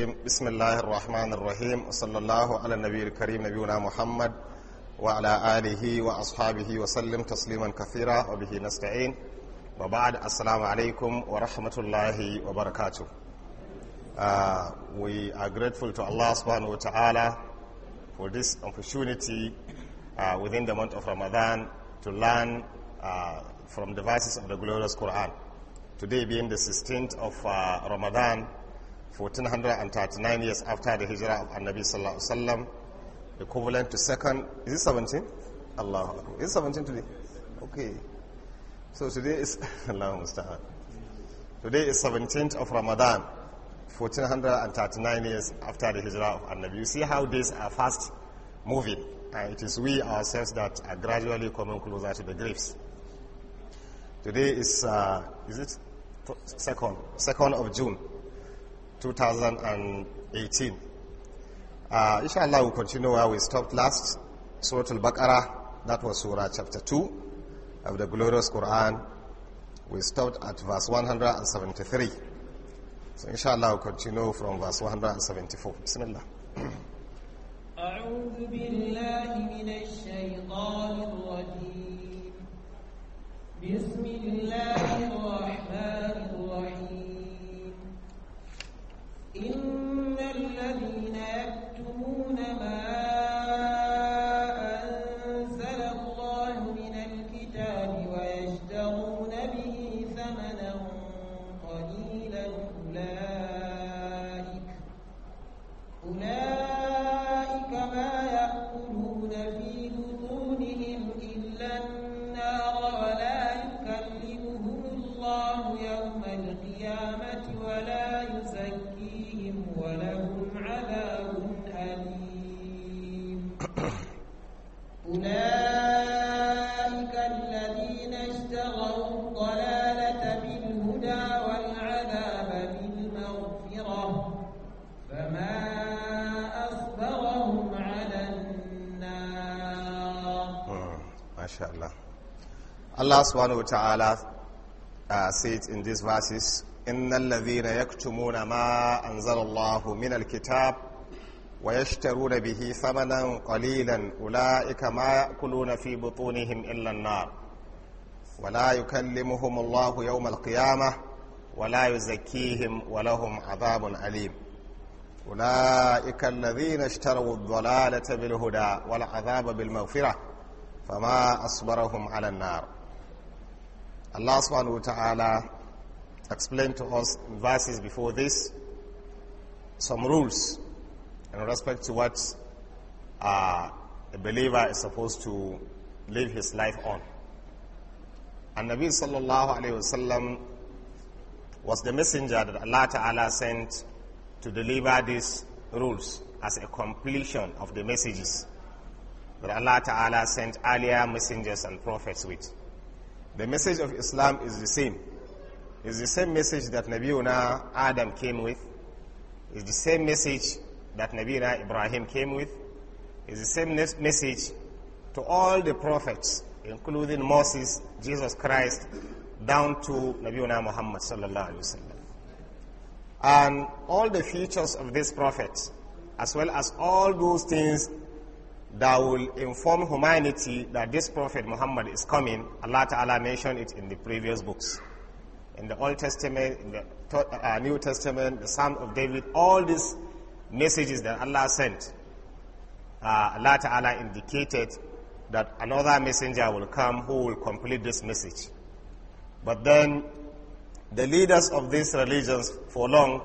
الرجيم بسم الله الرحمن الرحيم وصلى الله على النبي الكريم نبينا محمد وعلى آله وأصحابه وسلم تسليما كثيرا وبه نستعين وبعد السلام عليكم ورحمة الله وبركاته uh, We are grateful to Allah subhanahu wa for this opportunity uh, within the month of Ramadan to learn uh, from the verses of the glorious Quran. Today being the 16th of uh, Ramadan, 1439 years after the hijrah of Nabi Sallallahu Alaihi Wasallam, equivalent to second. Is it 17? Allah. Is it 17 today? Okay. So today is Allah Mustahad. Today is 17th of Ramadan, 1439 years after the hijrah of Nabi. You see how days are fast moving. And it is we ourselves that are gradually coming closer to the graves. Today is, uh, is it second? Second of June, 2018. Uh, inshallah, we'll continue where we stopped last. Surah Al-Baqarah, that was Surah chapter 2 of the glorious Quran. We stopped at verse 173. So inshallah, we'll continue from verse 174. Bismillah. أعوذ بالله من الشيطان الرجيم بسم الله الرحمن الرحيم إن الذين يكتمون ما insha Allah. Allah subhanahu wa ta'ala uh, said in these verses, إِنَّ الَّذِينَ يَكْتُمُونَ مَا أَنزَلَ اللَّهُ مِنَ الْكِتَابِ وَيَشْتَرُونَ بِهِ ثَمَنًا قَلِيلًا أُولَٰئِكَ مَا يَأْكُلُونَ فِي بُطُونِهِمْ إِلَّا النَّارَ وَلَا يُكَلِّمُهُمُ اللَّهُ يَوْمَ الْقِيَامَةِ وَلَا يُزَكِّيهِمْ وَلَهُمْ عَذَابٌ أَلِيمٌ أُولَٰئِكَ الَّذِينَ اشْتَرَوُا الضَّلَالَةَ بِالْهُدَىٰ وَالْعَذَابَ بِالْمَغْفِرَةِ فما أصبرهم على النار Allah subhanahu wa ta'ala explained to us in verses before this some rules in respect to what uh, a believer is supposed to live his life on. And Nabi sallallahu alayhi wasallam was the messenger that Allah ta'ala sent to deliver these rules as a completion of the messages that Allah Ta'ala sent earlier messengers and prophets with. The message of Islam is the same. It's the same message that Nabiuna Adam came with. It's the same message that Nabiuna Ibrahim came with. It's the same message to all the prophets, including Moses, Jesus Christ, down to Nabiuna Muhammad sallallahu alaihi wasallam. And all the features of these prophets, as well as all those things that will inform humanity that this Prophet Muhammad is coming. Allah Ta'ala mentioned it in the previous books. In the Old Testament, in the uh, New Testament, the Psalm of David, all these messages that Allah sent, uh, Allah Ta'ala indicated that another messenger will come who will complete this message. But then the leaders of these religions for long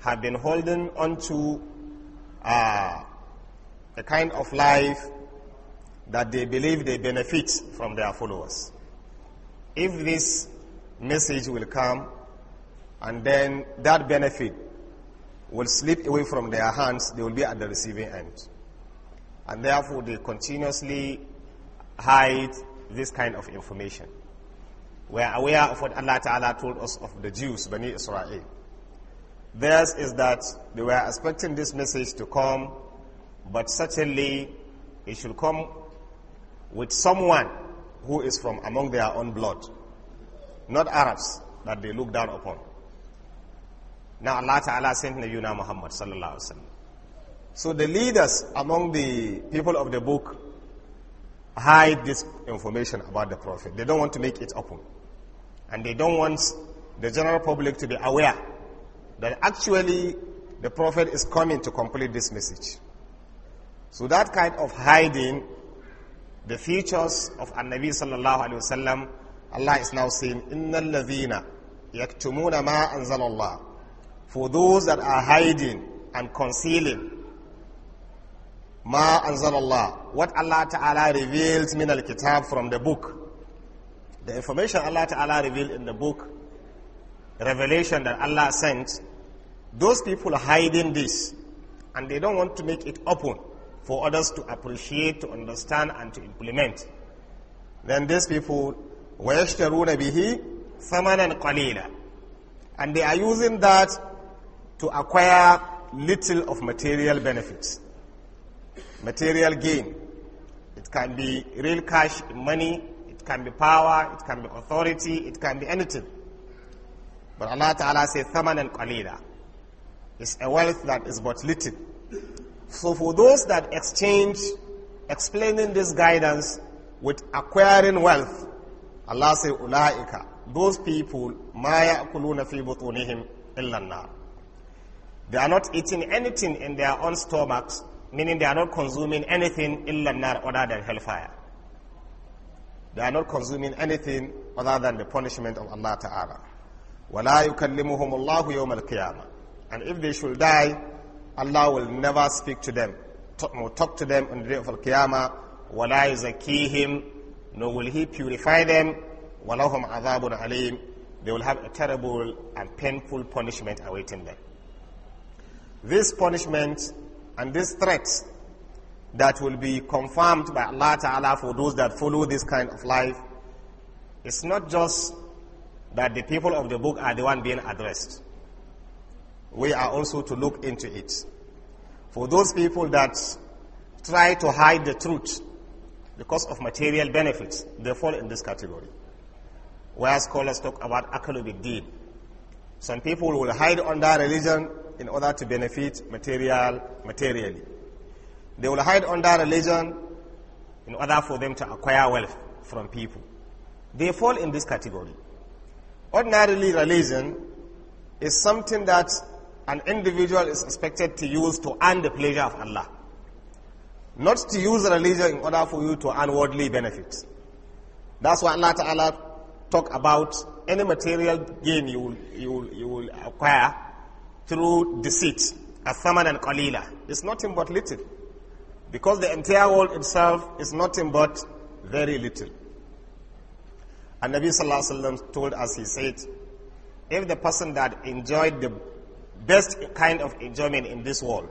have been holding on to uh, the kind of life that they believe they benefit from their followers. If this message will come and then that benefit will slip away from their hands, they will be at the receiving end. And therefore, they continuously hide this kind of information. We are aware of what Allah Ta'ala told us of the Jews, Bani Israel. Theirs is that they were expecting this message to come but certainly, he should come with someone who is from among their own blood, not Arabs that they look down upon. Now Allah Ta'ala sent Nabiuna Muhammad sallallahu alaihi wasallam. So the leaders among the people of the book hide this information about the Prophet. They don't want to make it open. And they don't want the general public to be aware that actually the Prophet is coming to complete this message. So that kind of hiding the features of An-Nabi sallallahu alayhi wasallam, Allah is now saying, إِنَّ الَّذِينَ يَكْتُمُونَ ma anzal Allah." For those that are hiding and concealing ma anzalallah what allah ta'ala reveals min al-kitab from the book the information allah ta'ala revealed in the book revelation that allah sent those people are hiding this and they don't want to make it open for others to appreciate, to understand, and to implement. Then these people, وَيَشْتَرُونَ the ثَمَنًا And they are using that to acquire little of material benefits, material gain. It can be real cash, money, it can be power, it can be authority, it can be anything. But Allah Ta'ala says, and قَلِيلًا It's a wealth that is but little. So for those that exchange explaining this guidance with acquiring wealth, Allah says, Ula'ika, those people, maya ya'kuluna fi butunihim illa They are not eating anything in their own stomachs, meaning they are not consuming anything illa nar other than hellfire. They are not consuming anything other than the punishment of Allah Ta'ala. وَلَا يُكَلِّمُهُمُ اللَّهُ يَوْمَ الْقِيَامَةِ And if they should die, Allah will never speak to them, talk, talk to them on the day of Al-Qiyamah, وَلَا يُزَكِّيهِمْ Nor will He purify them, وَلَهُمْ عَذَابٌ عَلِيمٌ They will have a terrible and painful punishment awaiting them. This punishment and these threats that will be confirmed by Allah Ta'ala for those that follow this kind of life, it's not just that the people of the book are the one being addressed we are also to look into it. For those people that try to hide the truth because of material benefits, they fall in this category. Where scholars talk about academic deed. Some people will hide under religion in order to benefit material materially. They will hide under religion in order for them to acquire wealth from people. They fall in this category. Ordinarily, religion is something that an individual is expected to use to earn the pleasure of Allah. Not to use religion in order for you to earn worldly benefits. That's why Allah Ta'ala talk about any material gain you will, you will, you will acquire through deceit, athaman and qalila. It's nothing but little. Because the entire world itself is nothing but very little. And Nabi Sallallahu Alaihi Wasallam told us, he said, if the person that enjoyed the best kind of enjoyment in this world,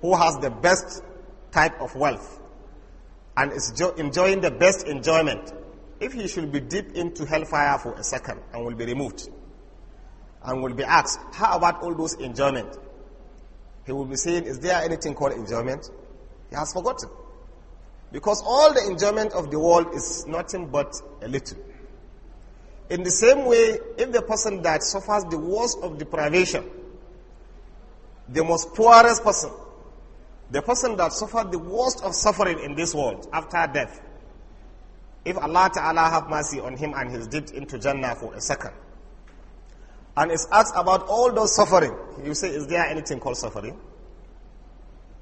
who has the best type of wealth, and is enjoying the best enjoyment, if he should be deep into hellfire for a second and will be removed, and will be asked, how about all those enjoyment? He will be saying, is there anything called enjoyment? He has forgotten. Because all the enjoyment of the world is nothing but a little. In the same way, if the person that suffers the worst of deprivation the most poorest person, the person that suffered the worst of suffering in this world after death, if Allah Ta'ala have mercy on him and he's dipped into Jannah for a second, and is asked about all those suffering, you say, is there anything called suffering?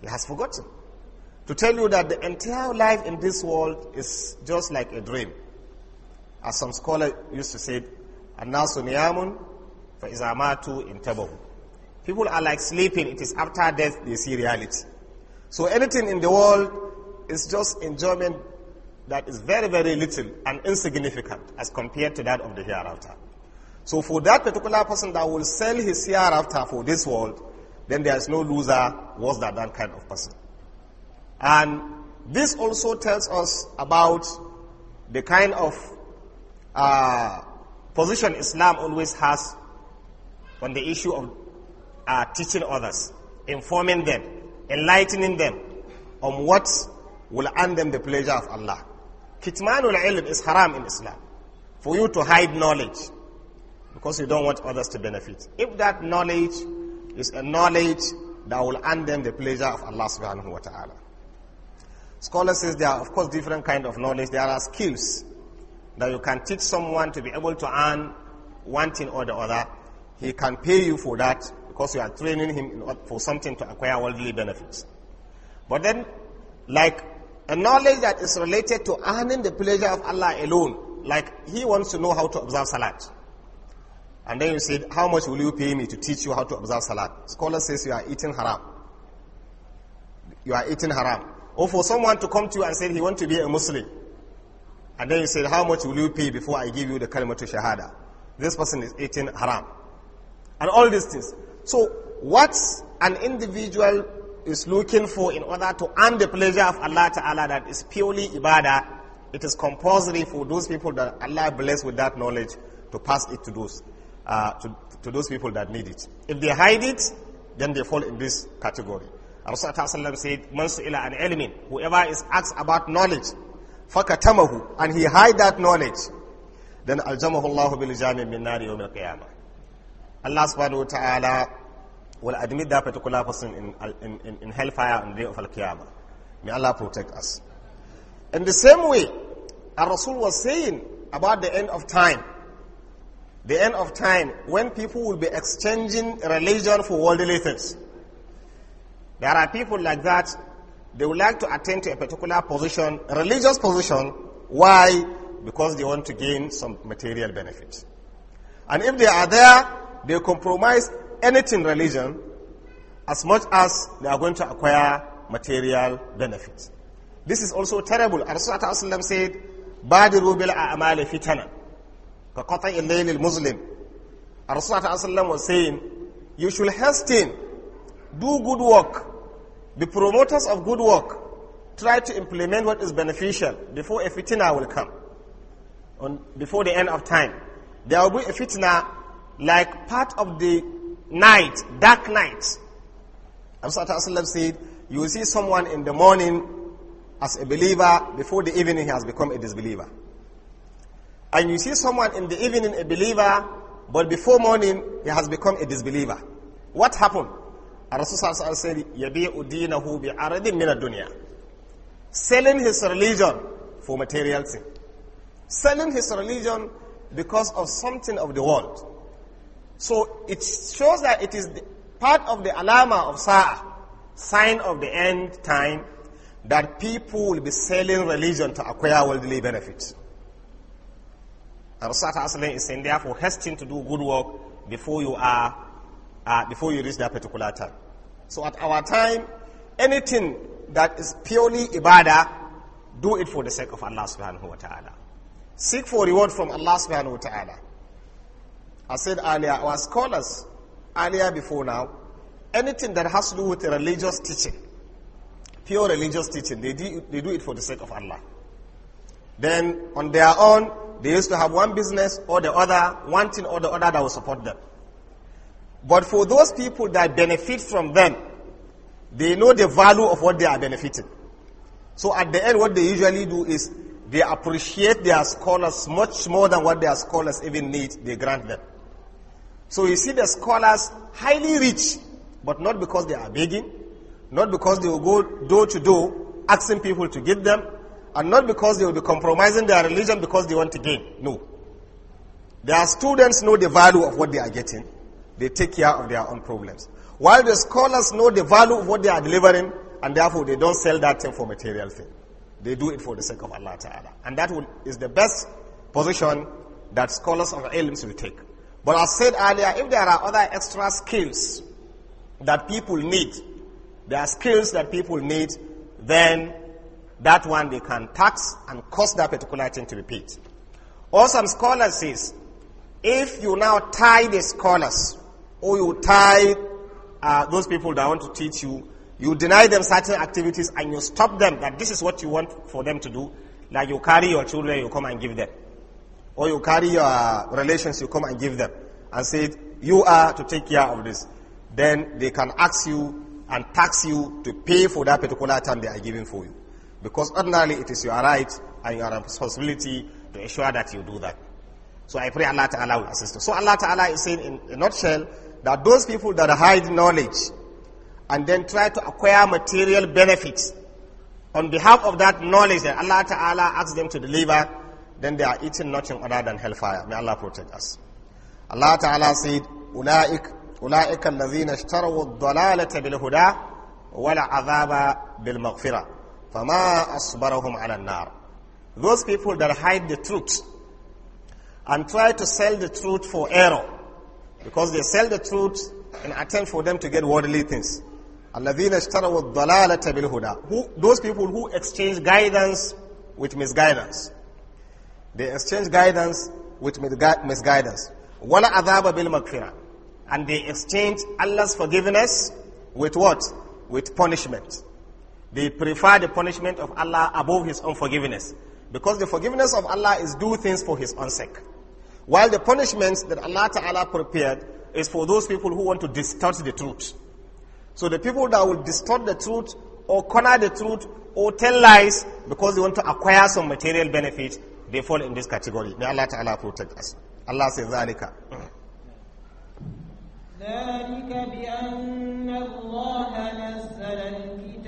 He has forgotten. To tell you that the entire life in this world is just like a dream. As some scholar used to say, الناس نيام فإذا in انتبهوا People are like sleeping. It is after death they see reality. So anything in the world is just enjoyment that is very, very little and insignificant as compared to that of the hereafter. So for that particular person that will sell his hereafter for this world, then there is no loser worse than that kind of person. And this also tells us about the kind of uh, position Islam always has on the issue of are teaching others, informing them, enlightening them on what will earn them the pleasure of Allah. Kitmanul ilm is haram in Islam. For you to hide knowledge because you don't want others to benefit. If that knowledge is a knowledge that will earn them the pleasure of Allah subhanahu wa ta'ala. Scholars say there are of course different kind of knowledge. There are skills that you can teach someone to be able to earn one thing or the other. He can pay you for that because you are training him in, for something to acquire worldly benefits. But then, like a knowledge that is related to earning the pleasure of Allah alone, like he wants to know how to observe Salat. And then you said, how much will you pay me to teach you how to observe Salat? Scholar says you are eating haram. You are eating haram. Or for someone to come to you and say he wants to be a Muslim. And then you said, how much will you pay before I give you the kalima to shahada? This person is eating haram. And all these things. So what an individual is looking for in order to earn the pleasure of Allah Ta'ala that is purely ibadah, it is compulsory for those people that Allah bless with that knowledge to pass it to those, uh, to, to those people that need it. If they hide it, then they fall in this category. Rasulullah said, Man su'ila an ilmin, whoever is asked about knowledge, fakatamahu, and he hide that knowledge, then aljamahu Allahu bil min nari yawm al-qiyamah. Allah subhanahu wa ta'ala will admit that particular person in, in, in, in hellfire on the day of Al-Qiyamah. May Allah protect us. In the same way, our Rasul was saying about the end of time, the end of time when people will be exchanging religion for worldly things. There are people like that, they would like to attend to a particular position, religious position. Why? Because they want to gain some material benefit. And if they are there, they compromise anything religion as much as they are going to acquire material benefits. This is also terrible. Rasulullah said, Badiru bil a'amali fitana. Kaqata'i layl muslim Rasulullah was saying, you should hasten, do good work, be promoters of good work, try to implement what is beneficial before a fitna will come, on, before the end of time. There will be a fitna like part of the night, dark night. Rasulullah said, you will see someone in the morning as a believer, before the evening he has become a disbeliever. And you see someone in the evening a believer, but before morning he has become a disbeliever. What happened? Rasulullah said, يَبِيعُ دِينَهُ بِعَرَضٍ مِنَ الدُّنْيَا Selling his religion for material thing. Selling his religion because of something of the world. So it shows that it is part of the alama of Sa'ah, sign of the end time, that people will be selling religion to acquire worldly benefits. And Rasulullah is saying, therefore, hasten to do good work before you are, uh, before you reach that particular time. So at our time, anything that is purely ibadah, do it for the sake of Allah subhanahu wa ta'ala. Seek for reward from Allah subhanahu wa ta'ala. I said earlier, our scholars, earlier before now, anything that has to do with religious teaching, pure religious teaching, they do, they do it for the sake of Allah. Then on their own, they used to have one business or the other, one thing or the other that will support them. But for those people that benefit from them, they know the value of what they are benefiting. So at the end, what they usually do is they appreciate their scholars much more than what their scholars even need, they grant them. So you see the scholars highly rich, but not because they are begging, not because they will go door to door asking people to give them, and not because they will be compromising their religion because they want to gain. No. Their students know the value of what they are getting. They take care of their own problems. While the scholars know the value of what they are delivering, and therefore they don't sell that thing for material thing. They do it for the sake of Allah Ta'ala. And that will, is the best position that scholars of ilms will take. But I said earlier, if there are other extra skills that people need, there are skills that people need, then that one they can tax and cause that particular thing to repeat. Or some scholars says, if you now tie the scholars, or you tie uh, those people that want to teach you, you deny them certain activities and you stop them that this is what you want for them to do, like you carry your children, you come and give them. Or you carry your relations, you come and give them and say, you are to take care of this. Then they can ask you and tax you to pay for that particular time they are giving for you. Because ordinarily it is your right and your responsibility to ensure that you do that. So I pray Allah Ta'ala will assist us. So Allah Ta'ala is saying in a nutshell that those people that hide knowledge and then try to acquire material benefits on behalf of that knowledge that Allah Ta'ala asks them to deliver, then they are eating nothing other than hellfire. May Allah protect us. Allah Ta'ala said, أُولَٰئِكَ أُولَٰئِكَ الَّذِينَ اشْتَرَوُا الضَّلَالَةَ بِالْهُدَىٰ وَالْعَذَابَ بِالْمَغْفِرَةِ فَمَا أَصْبَرَهُمْ عَلَى النَّارِ Those people that hide the truth and try to sell the truth for error because they sell the truth in attempt for them to get worldly things. الَّذِينَ اشْتَرَوُا الضَّلَالَةَ بِالْهُدَىٰ Those people who exchange guidance with misguidance. They exchange guidance with misguidance. Wala adhaba bil makfira. And they exchange Allah's forgiveness with what? With punishment. They prefer the punishment of Allah above his own forgiveness. Because the forgiveness of Allah is do things for his own sake. While the punishments that Allah Ta'ala prepared is for those people who want to distort the truth. So the people that will distort the truth or corner the truth or tell lies because they want to acquire some material benefit, they fall in this category may Allah ta'ala protect us Allah Say ذلك ذلك بأن الله نزل الكتاب بالحق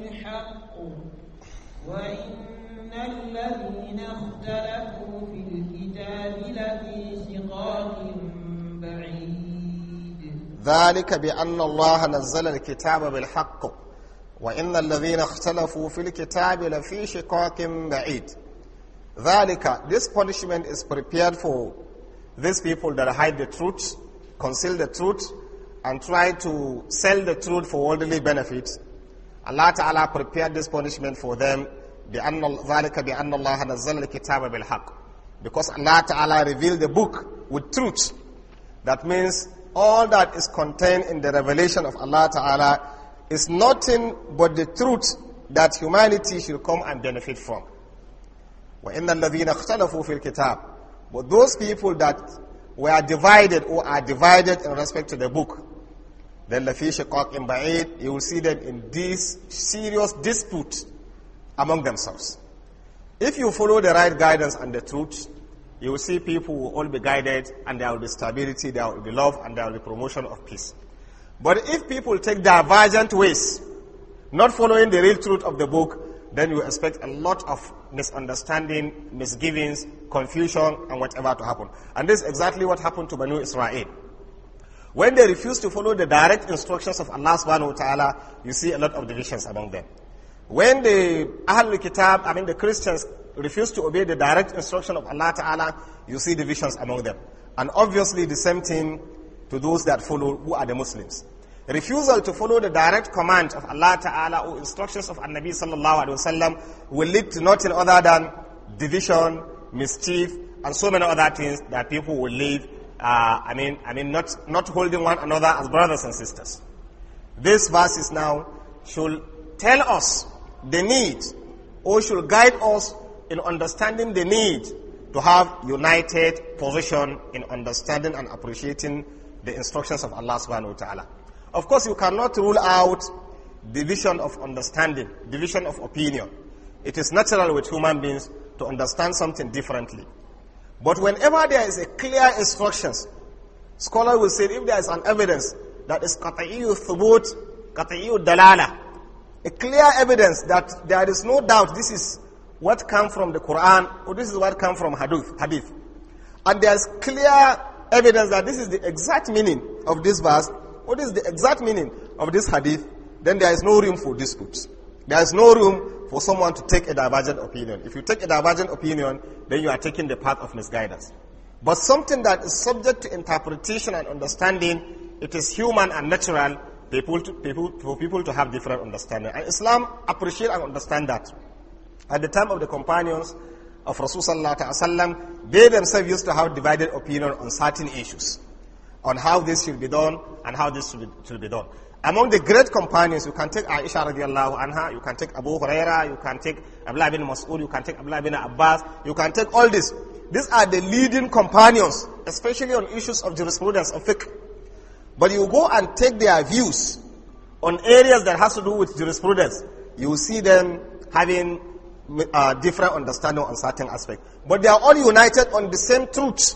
وإن الذين اختلفوا في الكتاب لفي شقاق بعيد ذلك بأن الله نزل الكتاب بالحق وإن الذين اختلفوا في الكتاب لفي شقاق بعيد ذَلِكَ This punishment is prepared for these people that hide the truth, conceal the truth, and try to sell the truth for worldly benefits. Allah Ta'ala prepared this punishment for them because Allah Ta'ala revealed the book with truth that means all that is contained in the revelation of Allah Ta'ala is nothing but the truth that humanity should come and benefit from وَإِنَّ الَّذِينَ اخْتَلَفُوا فِي الْكِتَابِ But those people that were divided or are divided in respect to the book, then لَفِي شِقَاقٍ بَعِيدٍ You will see them in this serious dispute among themselves. If you follow the right guidance and the truth, you will see people will all be guided and there will be stability, there will be love, and there will be promotion of peace. But if people take divergent ways, not following the real truth of the book, then you expect a lot of misunderstanding, misgivings, confusion, and whatever to happen. And this is exactly what happened to Banu Israel. When they refused to follow the direct instructions of Allah subhanahu wa ta'ala, you see a lot of divisions among them. When the Ahlul Kitab, I mean the Christians, refused to obey the direct instruction of Allah ta'ala, you see divisions among them. And obviously the same thing to those that follow, who are the Muslims. Refusal to follow the direct command of Allah Ta'ala or instructions of An-Nabi Sallallahu Alaihi Wasallam will lead to nothing other than division, mischief, and so many other things that people will leave. uh, I mean, I mean not, not holding one another as brothers and sisters. These verses now should tell us the need or should guide us in understanding the need to have united position in understanding and appreciating the instructions of Allah subhanahu wa ta'ala. Of course, you cannot rule out division of understanding, division of opinion. It is natural with human beings to understand something differently. But whenever there is a clear instructions, scholar will say if there is an evidence that is qat'iyu thubut, qat'iyu dalala, a clear evidence that there is no doubt this is what come from the Quran or this is what come from hadith, hadith. And there is clear evidence that this is the exact meaning of this verse, what is the exact meaning of this hadith? Then there is no room for disputes. There is no room for someone to take a divergent opinion. If you take a divergent opinion, then you are taking the path of misguidance. But something that is subject to interpretation and understanding, it is human and natural people to, people, for people to have different understanding. And Islam appreciate and understand that. At the time of the companions of Rasulullah they themselves used to have divided opinion on certain issues on how this should be done and how this should be, should be done. Among the great companions, you can take Aisha radiallahu anha, you can take Abu Huraira, you can take Abdullah bin Mas'ud, you can take Abdullah bin Abbas, you can take all this. These are the leading companions, especially on issues of jurisprudence, of fiqh. But you go and take their views on areas that has to do with jurisprudence, you see them having uh, different understanding on certain aspects. But they are all united on the same truth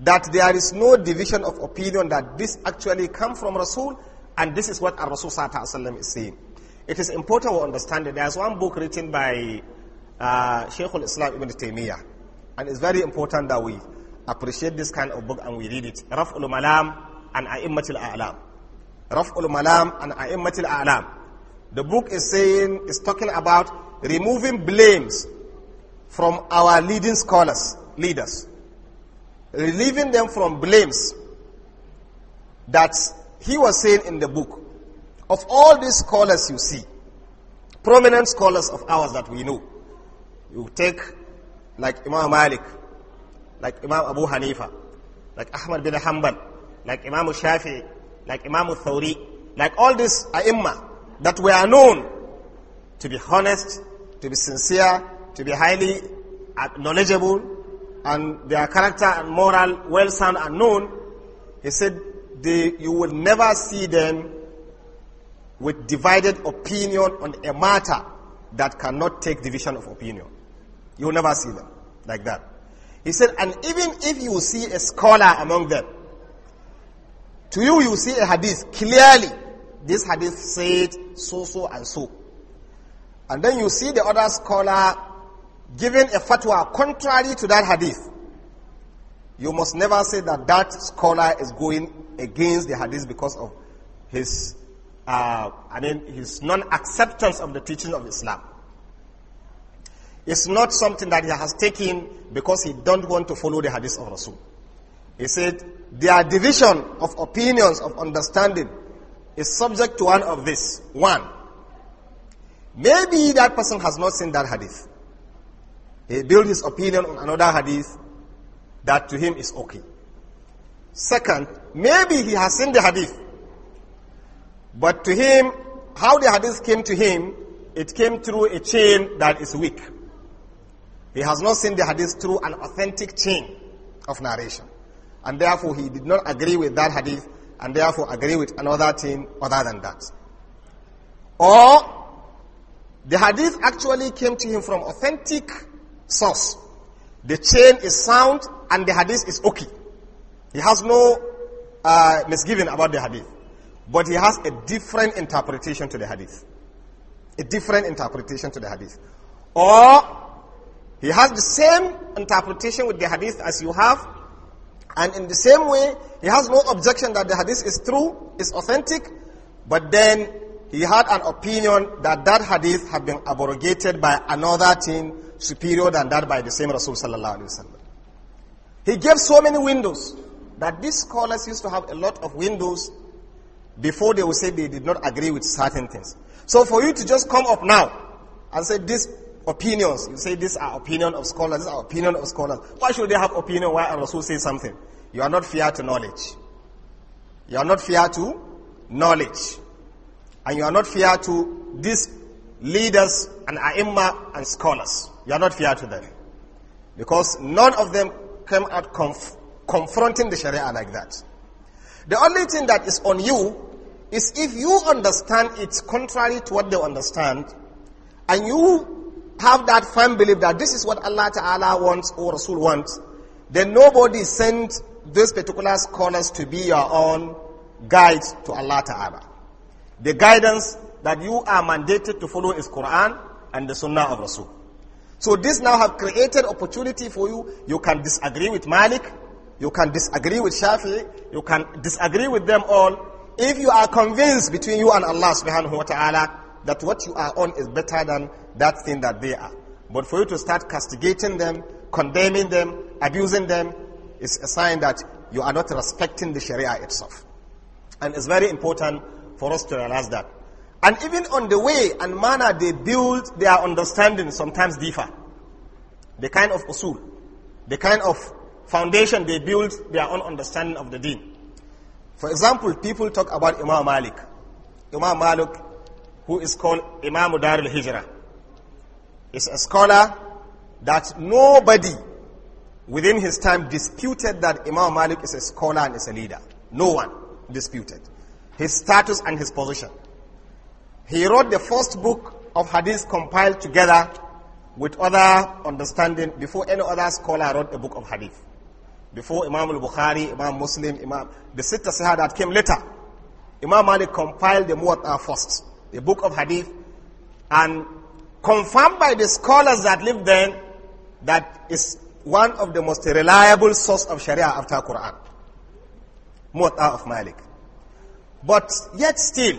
that there is no division of opinion that this actually come from Rasul and this is what our Rasul Sallallahu is saying. It is important we understand that there is one book written by uh, Shaykh al-Islam Ibn Taymiyyah and it's very important that we appreciate this kind of book and we read it. Raf'ul Malam and A'immatul A'lam. Raf'ul Malam and A'immatul A'lam. The book is saying, is talking about removing blames from our leading scholars, leaders relieving them from blames that he was saying in the book. Of all these scholars you see, prominent scholars of ours that we know, you take like Imam Malik, like Imam Abu Hanifa, like Ahmad bin Hanbal, like Imam Shafi, like Imam Thawri, like all these ai that were known to be honest, to be sincere, to be highly knowledgeable, and their character and moral well sound and known, he said they, you will never see them with divided opinion on a matter that cannot take division of opinion. You will never see them like that. He said, and even if you see a scholar among them, to you you see a hadith clearly. This hadith said so, so, and so. And then you see the other scholar giving a fatwa contrary to that hadith, you must never say that that scholar is going against the hadith because of his, uh, I mean, his non-acceptance of the teaching of Islam. It's not something that he has taken because he don't want to follow the hadith of Rasul. He said, their division of opinions, of understanding, is subject to one of this. One, maybe that person has not seen that hadith. He built his opinion on another hadith that to him is okay. Second, maybe he has seen the hadith. But to him, how the hadith came to him, it came through a chain that is weak. He has not seen the hadith through an authentic chain of narration. And therefore, he did not agree with that hadith and therefore agree with another thing other than that. Or the hadith actually came to him from authentic source. The chain is sound and the hadith is okay. He has no uh, misgiving about the hadith. But he has a different interpretation to the hadith. A different interpretation to the hadith. Or he has the same interpretation with the hadith as you have. And in the same way, he has no objection that the hadith is true, is authentic. But then he had an opinion that that hadith had been abrogated by another thing superior than that by the same Rasul sallallahu alaihi wasallam. He gave so many windows that these scholars used to have a lot of windows before they would say they did not agree with certain things. So for you to just come up now and say these opinions, you say these are opinion of scholars, these are opinion of scholars. Why should they have opinion? Why Rasul say something? You are not fair to knowledge. You are not fair to knowledge. And you are not fair to these leaders and ai am and scholars. You are not fair to them. Because none of them came out conf confronting the Sharia like that. The only thing that is on you is if you understand it's contrary to what they understand, and you have that firm belief that this is what Allah Ta'ala wants or Rasul wants, then nobody sent these particular scholars to be your own guide to Allah Ta'ala. The guidance that you are mandated to follow is Quran and the Sunnah of Rasul. So this now have created opportunity for you. You can disagree with Malik, you can disagree with Shafi, you can disagree with them all. If you are convinced between you and Allah subhanahu wa ta'ala that what you are on is better than that thing that they are. But for you to start castigating them, condemning them, abusing them, is a sign that you are not respecting the Sharia itself. And it's very important for us to realize that. And even on the way and manner they build their understanding sometimes differ. The kind of usul, the kind of foundation they build their own understanding of the deen. For example, people talk about Imam Malik. Imam Malik, who is called Imam Dar al-Hijrah, is a scholar that nobody within his time disputed that Imam Malik is a scholar and is a leader. No one disputed his status and his position. He wrote the first book of hadith compiled together with other understanding before any other scholar wrote a book of hadith. Before Imam al-Bukhari, Imam Muslim, Imam, the Sittah Sahih that came later. Imam Malik compiled the Muwatta first, the book of hadith, and confirmed by the scholars that lived then that is one of the most reliable source of Sharia after Quran. Muwatta of Malik. But yet still,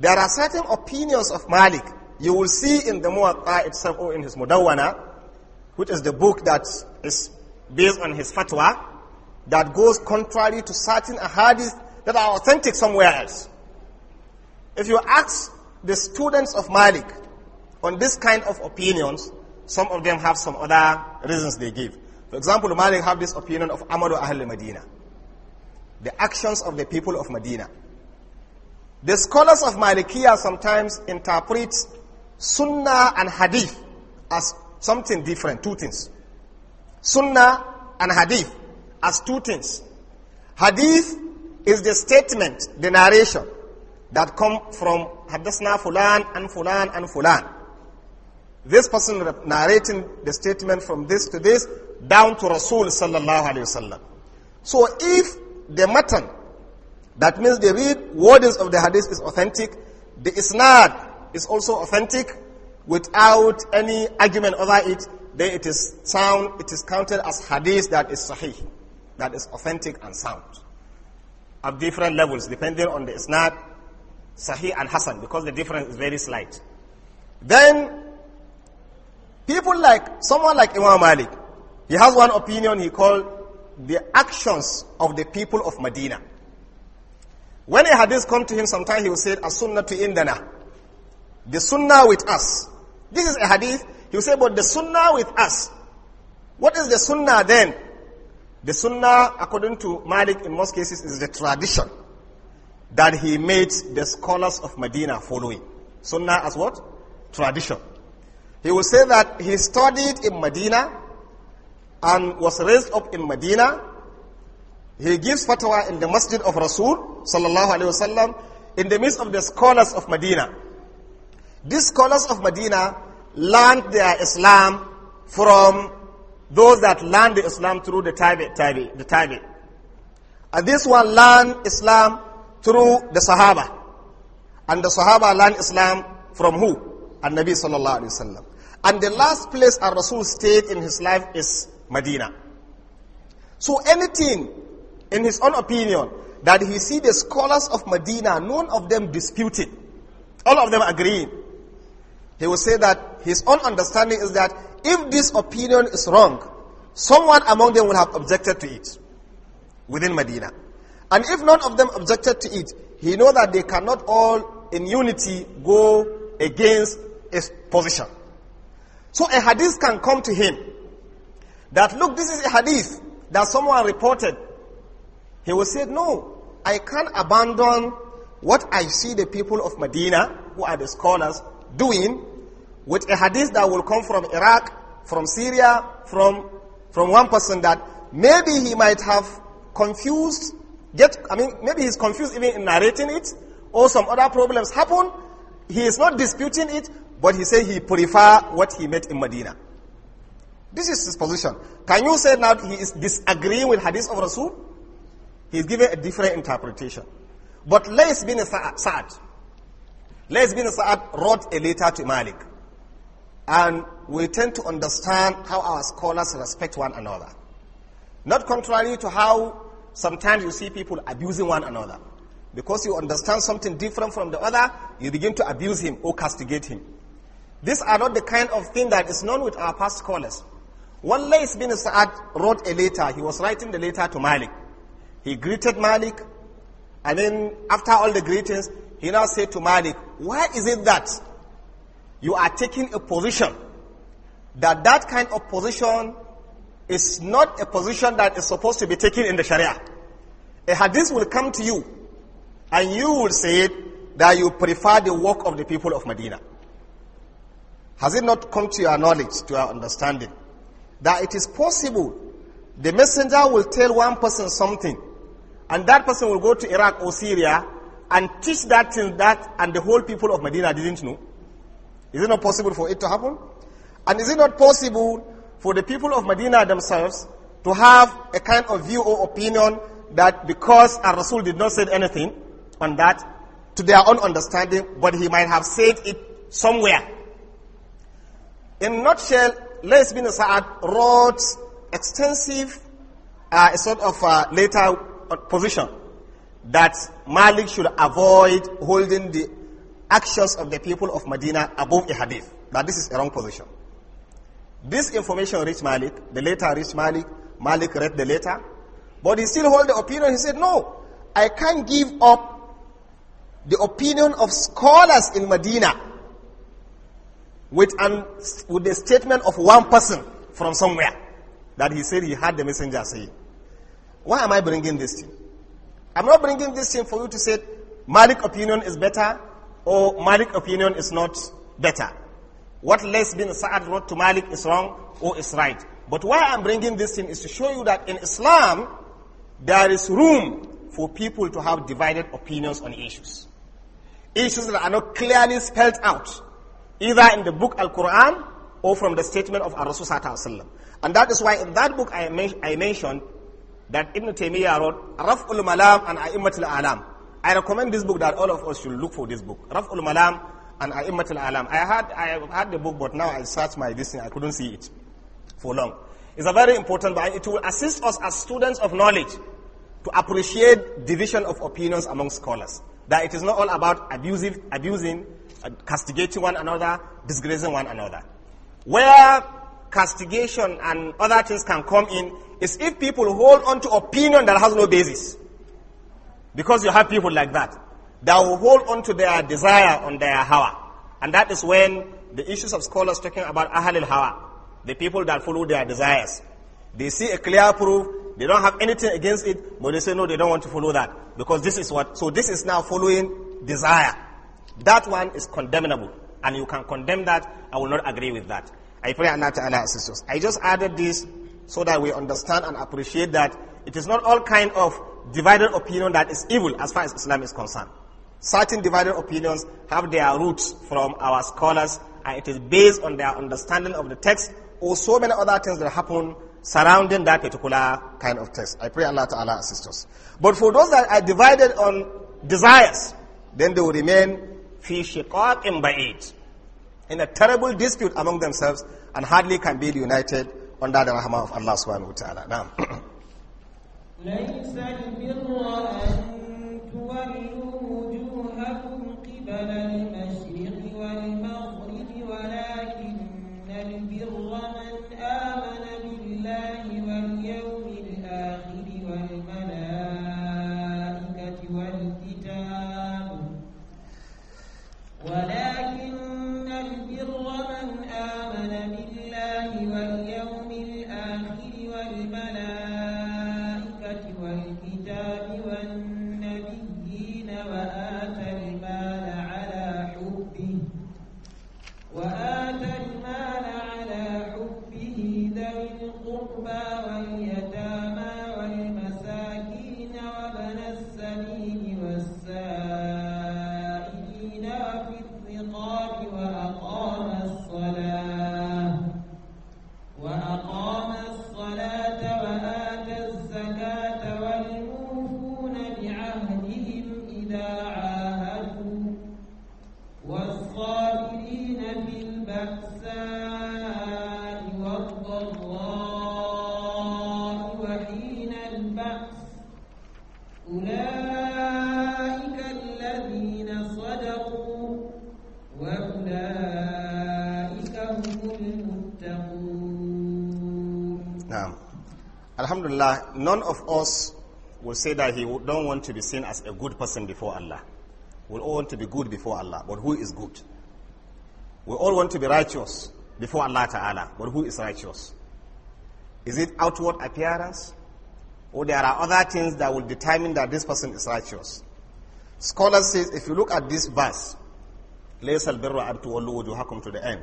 there are certain opinions of Malik. You will see in the Muwatta itself or in his Mudawwana, which is the book that is based on his fatwa, that goes contrary to certain ahadith that are authentic somewhere else. If you ask the students of Malik on this kind of opinions, some of them have some other reasons they give. For example, Malik have this opinion of Amadu Ahl Medina. The actions of the people of Medina. The scholars of Malikiya sometimes interpret Sunnah and Hadith as something different, two things. Sunnah and Hadith as two things. Hadith is the statement, the narration that come from hadassna Fulan and Fulan and Fulan. This person narrating the statement from this to this down to Rasul sallallahu alayhi So if the matan that means the read wordings of the hadith is authentic. The isnad is also authentic without any argument over it. Then it is sound, it is counted as hadith that is sahih, that is authentic and sound. At different levels, depending on the isnad, sahih and hasan, because the difference is very slight. Then, people like, someone like Imam Malik, he has one opinion he called the actions of the people of Medina. When a hadith come to him, sometimes he will say, as sunnah to indana. The sunnah with us. This is a hadith. He will say, but the sunnah with us. What is the sunnah then? The sunnah, according to Malik, in most cases, is the tradition that he made the scholars of Medina following. Sunnah as what? Tradition. He will say that he studied in Medina and was raised up in Medina he gives fatwa in the masjid of Rasul sallallahu alayhi wasallam in the midst of the scholars of Medina. These scholars of Medina learned their Islam from those that learned the Islam through the Tabi, Tabi, the Tabi. And this one learned Islam through the Sahaba. And the Sahaba learned Islam from who? And Nabi sallallahu alayhi wasallam. And the last place our Rasul stayed in his life is Medina. So anything in his own opinion, that he see the scholars of Medina, none of them disputed. All of them agreed. He will say that his own understanding is that if this opinion is wrong, someone among them will have objected to it within Medina. And if none of them objected to it, he know that they cannot all in unity go against his position. So a hadith can come to him that look, this is a hadith that someone reported he will say, No, I can't abandon what I see the people of Medina, who are the scholars, doing with a hadith that will come from Iraq, from Syria, from, from one person that maybe he might have confused, get, I mean, maybe he's confused even in narrating it, or some other problems happen. He is not disputing it, but he said he prefer what he met in Medina. This is his position. Can you say now he is disagreeing with hadith of Rasul? He's given a different interpretation. But Lays bin Sa'ad, Lays bin Sa'ad wrote a letter to Malik. And we tend to understand how our scholars respect one another. Not contrary to how sometimes you see people abusing one another. Because you understand something different from the other, you begin to abuse him or castigate him. These are not the kind of thing that is known with our past scholars. When Lays bin Sa'ad wrote a letter. He was writing the letter to Malik. He greeted Malik, and then after all the greetings, he now said to Malik, Why is it that you are taking a position that that kind of position is not a position that is supposed to be taken in the Sharia? A hadith will come to you, and you will say that you prefer the work of the people of Medina. Has it not come to your knowledge, to your understanding, that it is possible the messenger will tell one person something, and that person will go to Iraq or Syria and teach that thing that, and the whole people of Medina didn't know. Is it not possible for it to happen? And is it not possible for the people of Medina themselves to have a kind of view or opinion that because a Rasul did not say anything on that, to their own understanding, but he might have said it somewhere. In nutshell, Les bin Sa'ad wrote extensive, uh, sort of uh, later position that Malik should avoid holding the actions of the people of Medina above a hadith, that this is a wrong position. This information reached Malik, the letter reached Malik, Malik read the letter, but he still held the opinion. He said, no, I can't give up the opinion of scholars in Medina with, an, with the statement of one person from somewhere that he said he had the messenger saying. Why am I bringing this thing? I'm not bringing this thing for you to say Malik opinion is better or Malik opinion is not better. What less bin Sa'ad wrote to Malik is wrong or is right. But why I'm bringing this thing is to show you that in Islam, there is room for people to have divided opinions on issues. Issues that are not clearly spelled out, either in the book Al-Quran or from the statement of Rasul Sallallahu And that is why in that book I, men I mentioned that Ibn Taymiyyah wrote, Raf'ul Malam and A'immatul Alam. I recommend this book that all of us should look for this book. Raf'ul Malam and A'immatul Alam. I had, I had the book, but now I searched my this thing. I couldn't see it for long. It's a very important, book. it will assist us as students of knowledge to appreciate division of opinions among scholars. That it is not all about abusive, abusing, uh, castigating one another, disgracing one another. Where castigation and other things can come in is if people hold on to opinion that has no basis. Because you have people like that. They will hold on to their desire on their hawa. And that is when the issues of scholars talking about ahlul hawa, the people that follow their desires. They see a clear proof, they don't have anything against it, but they say no, they don't want to follow that. Because this is what, so this is now following desire. That one is condemnable. And you can condemn that, I will not agree with that. I pray Allah Ta'ala assist us. I just added this so that we understand and appreciate that it is not all kind of divided opinion that is evil as far as Islam is concerned. Certain divided opinions have their roots from our scholars and it is based on their understanding of the text or so many other things that happen surrounding that particular kind of text. I pray Allah Ta'ala assist us. But for those that are divided on desires, then they will remain fi shiqaq in ba'id, in a terrible dispute among themselves and hardly can be united wanda da rahama of Allah subhanahu wataala na'am laysa albirra an tuwallu wujuhakum qibala al-mashriq Allah, none of us will say that he don't want to be seen as a good person before Allah. We all want to be good before Allah, but who is good? We all want to be righteous before Allah Ta'ala, but who is righteous? Is it outward appearance? Or there are other things that will determine that this person is righteous? Scholars say, if you look at this verse, لَيْسَ الْبِرَّ أَبْتُ وَلُّ to the end.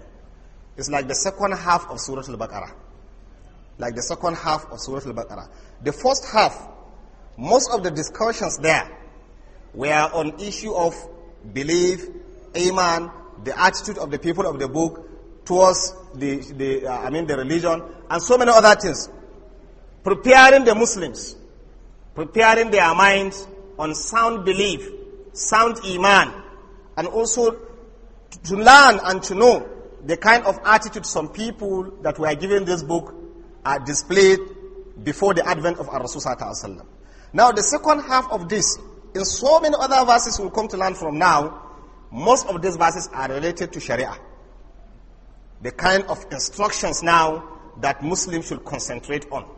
It's like the second half of Surah Al-Baqarah like the second half of Surah Al-Baqarah. The first half, most of the discussions there were on issue of belief, iman, the attitude of the people of the book towards the, the uh, I mean the religion, and so many other things. Preparing the Muslims, preparing their minds on sound belief, sound iman, and also to learn and to know the kind of attitude some people that were given this book are displayed before the advent of Rasul sallallahu Now the second half of this, in so many other verses we'll come to learn from now, most of these verses are related to Sharia. The kind of instructions now that Muslims should concentrate on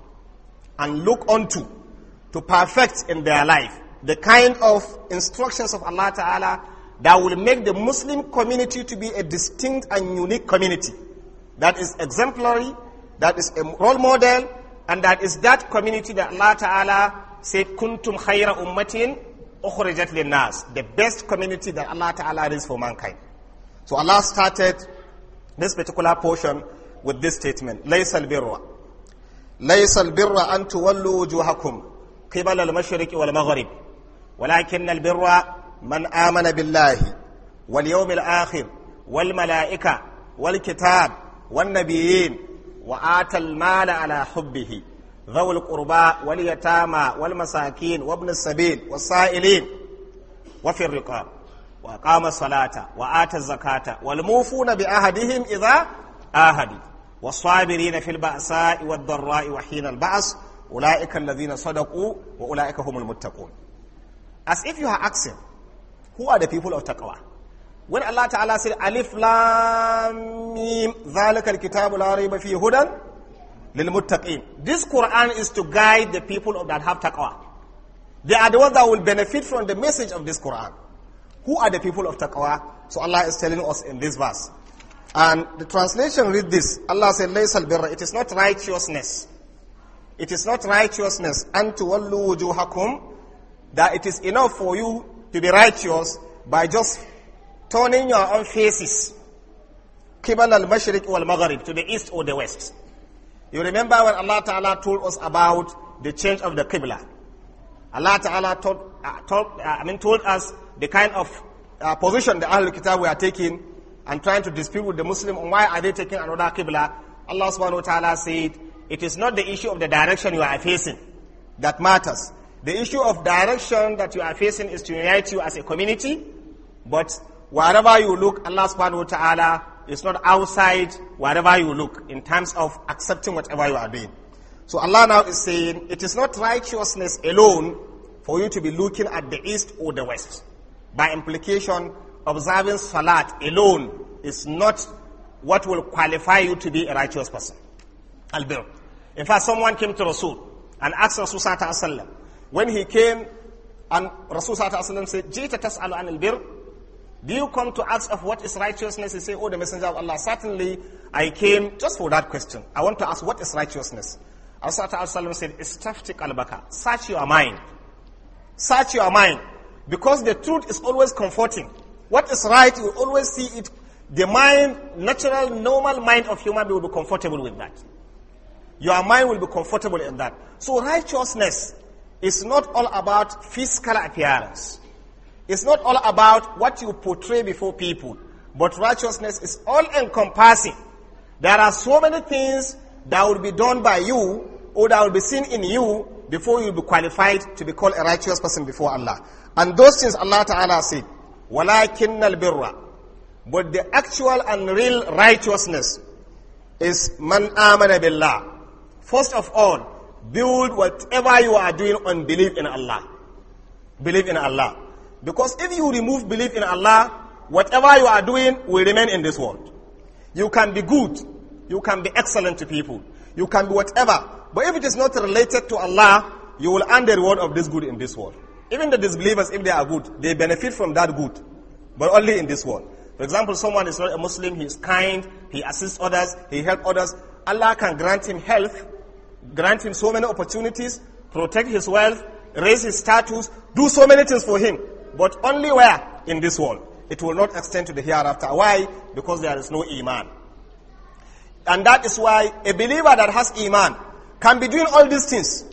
and look onto to perfect in their life. The kind of instructions of Allah Ta'ala that will make the Muslim community to be a distinct and unique community that is exemplary that is a role model, and that is that community that Allah Ta'ala said, Kuntum khayra ummatin ukhrijat nas. The best community that Allah Ta'ala is for mankind. So Allah started this particular portion with this statement, لَيْسَ الْبِرَّ لَيْسَ الْبِرَّ أَن تُوَلُّوا وُجُوهَكُمْ قِبَلَ الْمَشْرِقِ وَالْمَغْرِبِ ولكن البر من آمن بالله واليوم الآخر والملائكة والكتاب والنبيين وآتى المال على حبه ذوي القربى واليتامى والمساكين وابن السبيل والسائلين وفي الرقاب وأقام الصلاة وآتى الزكاة والموفون بأهدهم إذا آهدوا والصابرين في البأساء والضراء وحين البعث أولئك الذين صدقوا وأولئك هم المتقون As if you are asking, who are the people of taqwa? When Allah Ta'ala said, Alif Lam Mim, ذَلِكَ الْكِتَابُ لَا رَيْبَ فِيهِ the لِلْمُتَّقِينَ This Quran is to guide the people of that have taqwa. They are the ones that will benefit from the message of this Quran. Who are the people of taqwa? So Allah is telling us in this verse. And the translation read this. Allah said, Laysal birra. It is not righteousness. It is not righteousness. Antu wallu wujuhakum. That it is enough for you to be righteous by just turning your own faces. Qibal al-Mashriq wal-Maghrib, to the east or the west. You remember when Allah Ta'ala told us about the change of the Qibla. Allah Ta'ala told, uh, told uh, I mean, told us the kind of uh, position the Ahlul Kitab were taking and trying to dispute with the Muslim on why are they taking another Qibla. Allah Subhanahu Wa Ta'ala said, it is not the issue of the direction you are facing that matters. The issue of direction that you are facing is to unite you as a community, but wherever you look, Allah subhanahu wa ta'ala is not outside wherever you look in terms of accepting whatever you are doing. So Allah now is saying, it is not righteousness alone for you to be looking at the east or the west. By implication, observing salat alone is not what will qualify you to be a righteous person. Albir. In fact, someone came to Rasul and asked Rasul Sallallahu Alaihi Wasallam. When he came and Rasul Sallallahu Alaihi Wasallam said, an albir, do you come to ask of what is righteousness? You say, oh, the messenger of Allah, certainly I came just for that question. I want to ask, what is righteousness? Al-Salam said, Istaftik al-Baka, search your mind. Search your mind. Because the truth is always comforting. What is right, you always see it. The mind, natural, normal mind of human being will be comfortable with that. Your mind will be comfortable in that. So righteousness is not all about physical appearance. It's not all about what you portray before people, but righteousness is all encompassing. There are so many things that will be done by you or that will be seen in you before you'll be qualified to be called a righteous person before Allah. And those things Allah Ta'ala said, وَلَكِنَّ الْبِرَّ But the actual and real righteousness is man amana billah. First of all, build whatever you are doing on belief in Allah. Believe in Allah. Because if you remove belief in Allah, whatever you are doing will remain in this world. You can be good, you can be excellent to people, you can be whatever. But if it is not related to Allah, you will earn the reward of this good in this world. Even the disbelievers, if they are good, they benefit from that good, but only in this world. For example, someone is not a Muslim, he is kind, he assists others, he helps others. Allah can grant him health, grant him so many opportunities, protect his wealth, raise his status, do so many things for him but only where? In this world. It will not extend to the hereafter. Why? Because there is no Iman. And that is why a believer that has Iman can be doing all these things,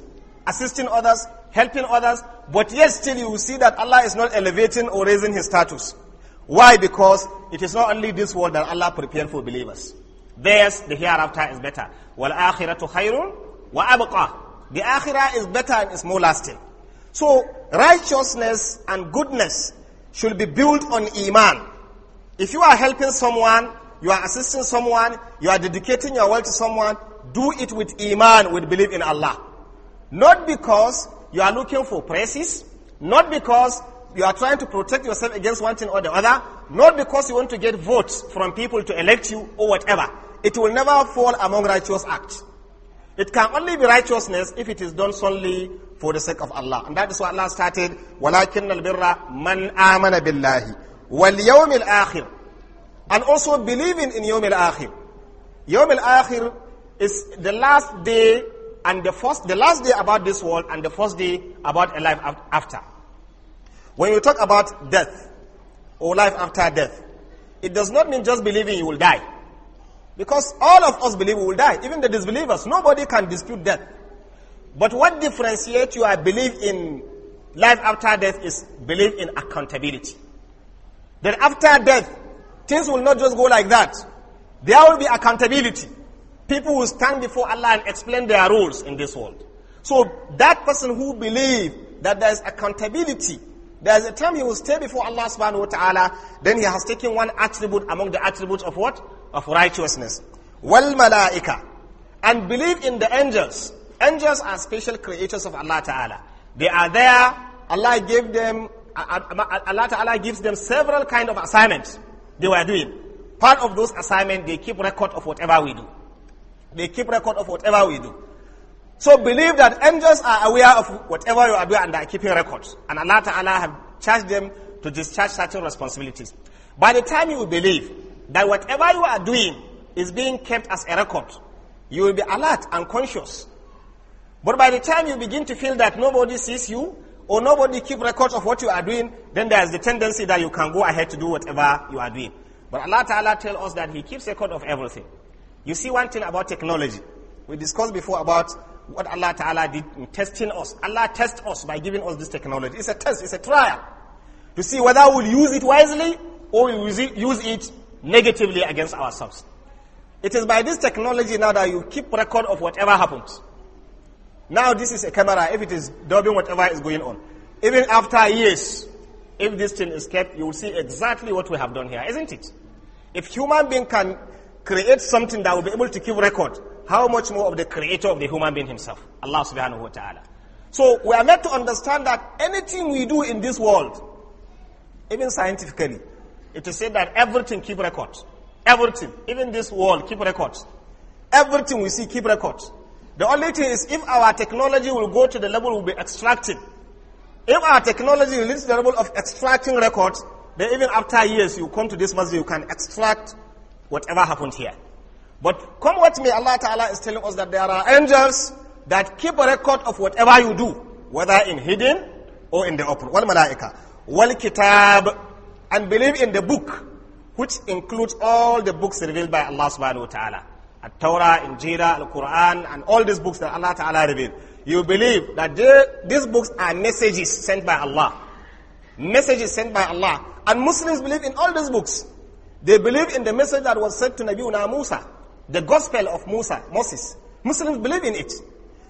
assisting others, helping others, but yet still you will see that Allah is not elevating or raising his status. Why? Because it is not only this world that Allah prepared for believers. Theirs, the hereafter is better. وَالْآخِرَةُ wa abqa. The akhirah is better and is more lasting. So righteousness and goodness should be built on iman. If you are helping someone, you are assisting someone, you are dedicating your wealth to someone, do it with iman, with belief in Allah. Not because you are looking for praises, not because you are trying to protect yourself against one thing or the other, not because you want to get votes from people to elect you or whatever. It will never fall among righteous acts. It can only be righteousness if it is done solely for the sake of Allah. And that is why Allah started, وَلَكِنَّ الْبِرَّ مَنْ آمَنَ بِاللَّهِ وَالْيَوْمِ الْآخِرِ And also believing in يوم الآخر. يوم الآخر is the last day and the first, the last day about this world and the first day about a life after. When you talk about death or life after death, it does not mean just believing you will die. Because all of us believe we will die, even the disbelievers. Nobody can dispute death. But what differentiates your belief in life after death is belief in accountability. That after death, things will not just go like that. There will be accountability. People will stand before Allah and explain their roles in this world. So that person who believes that there is accountability, there is a time he will stay before Allah subhanahu wa ta'ala, then he has taken one attribute among the attributes of what? of righteousness. Wal malaika. And believe in the angels. Angels are special creators of Allah Ta'ala. They are there. Allah gave them, uh, uh, uh, Allah Ta'ala gives them several kind of assignments they were doing. Part of those assignments, they keep record of whatever we do. They keep record of whatever we do. So believe that angels are aware of whatever you are doing and are keeping records. And Allah Ta'ala have charged them to discharge certain responsibilities. By the time you believe, that whatever you are doing is being kept as a record. You will be alert and conscious. But by the time you begin to feel that nobody sees you or nobody keep records of what you are doing, then there is the tendency that you can go ahead to do whatever you are doing. But Allah Ta'ala tells us that He keeps record of everything. You see one thing about technology. We discussed before about what Allah Ta'ala did in testing us. Allah tests us by giving us this technology. It's a test, it's a trial. To see whether we'll use it wisely or we'll use it negatively against ourselves. It is by this technology now that you keep record of whatever happens. Now this is a camera, if it is dubbing whatever is going on. Even after years, if this thing is kept, you will see exactly what we have done here, isn't it? If human being can create something that will be able to keep record, how much more of the creator of the human being himself, Allah subhanahu wa ta'ala. So we are meant to understand that anything we do in this world, even scientifically, it is said that everything keep records. Everything. Even this world keep records. Everything we see keep records. The only thing is if our technology will go to the level we'll be extracting. If our technology reaches the level of extracting records, then even after years you come to this masjid, you can extract whatever happened here. But come what may, Allah Ta'ala is telling us that there are angels that keep a record of whatever you do, whether in hidden or in the open. Wal malaika. Wal kitab and believe in the book, which includes all the books revealed by Allah subhanahu wa ta'ala. At-Torah, Injil, Al-Quran, and all these books that Allah ta'ala revealed. You believe that they, these books are messages sent by Allah. Messages sent by Allah. And Muslims believe in all these books. They believe in the message that was sent to Nabiuna Musa. The gospel of Musa, Moses. Muslims believe in it.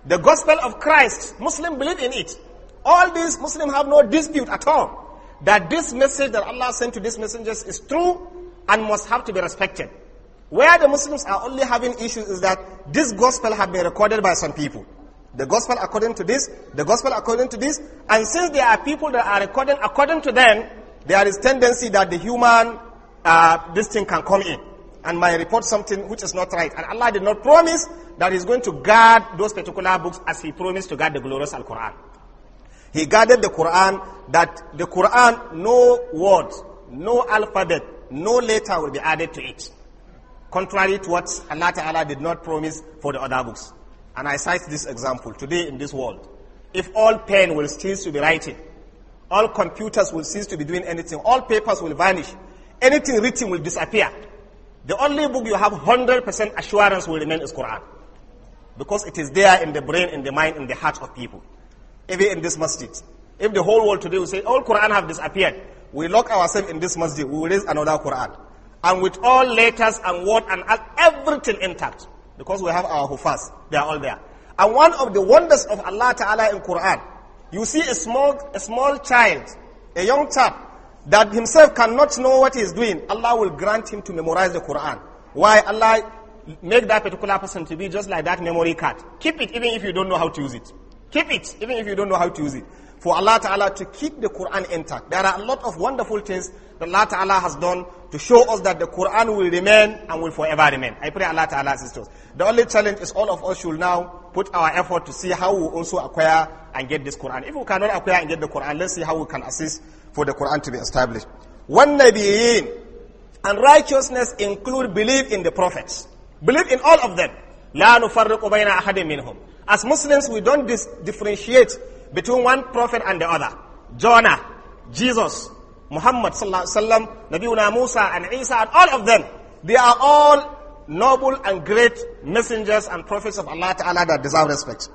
The gospel of Christ, Muslims believe in it. All these Muslims have no dispute at all that this message that Allah sent to these messengers is true and must have to be respected. Where the Muslims are only having issues is that this gospel had been recorded by some people. The gospel according to this, the gospel according to this, and since there are people that are recording according to them, there is tendency that the human uh, this thing can come in and might report something which is not right. And Allah did not promise that He's going to guard those particular books as He promised to guard the glorious Al Quran. He guarded the Quran that the Quran, no words, no alphabet, no letter will be added to it. Contrary to what Allah Ta'ala did not promise for the other books. And I cite this example today in this world. If all pen will cease to be writing, all computers will cease to be doing anything, all papers will vanish, anything written will disappear. The only book you have 100% assurance will remain is Quran. Because it is there in the brain, in the mind, in the heart of people even in this masjid. If the whole world today will say, all Quran have disappeared, we lock ourselves in this masjid, we will raise another Quran. And with all letters and word and everything intact. Because we have our hufas, they are all there. And one of the wonders of Allah Ta'ala in Quran, you see a small, a small child, a young chap, that himself cannot know what he is doing, Allah will grant him to memorize the Quran. Why Allah make that particular person to be just like that memory card. Keep it even if you don't know how to use it. Keep it, even if you don't know how to use it. For Allah Ta'ala to keep the Quran intact. There are a lot of wonderful things that Allah Ta'ala has done to show us that the Quran will remain and will forever remain. I pray Allah Ta'ala assist us. The only challenge is all of us should now put our effort to see how we also acquire and get this Quran. If we cannot acquire and get the Quran, let's see how we can assist for the Quran to be established. One Nabiyin and righteousness include belief in the prophets. Believe in all of them. لا نفرق بين أحد منهم as Muslims, we don't differentiate between one prophet and the other. Jonah, Jesus, Muhammad sallallahu alaihi wasallam, Nabiuna Musa and Isa and all of them, they are all noble and great messengers and prophets of Allah Ta'ala that deserve respect.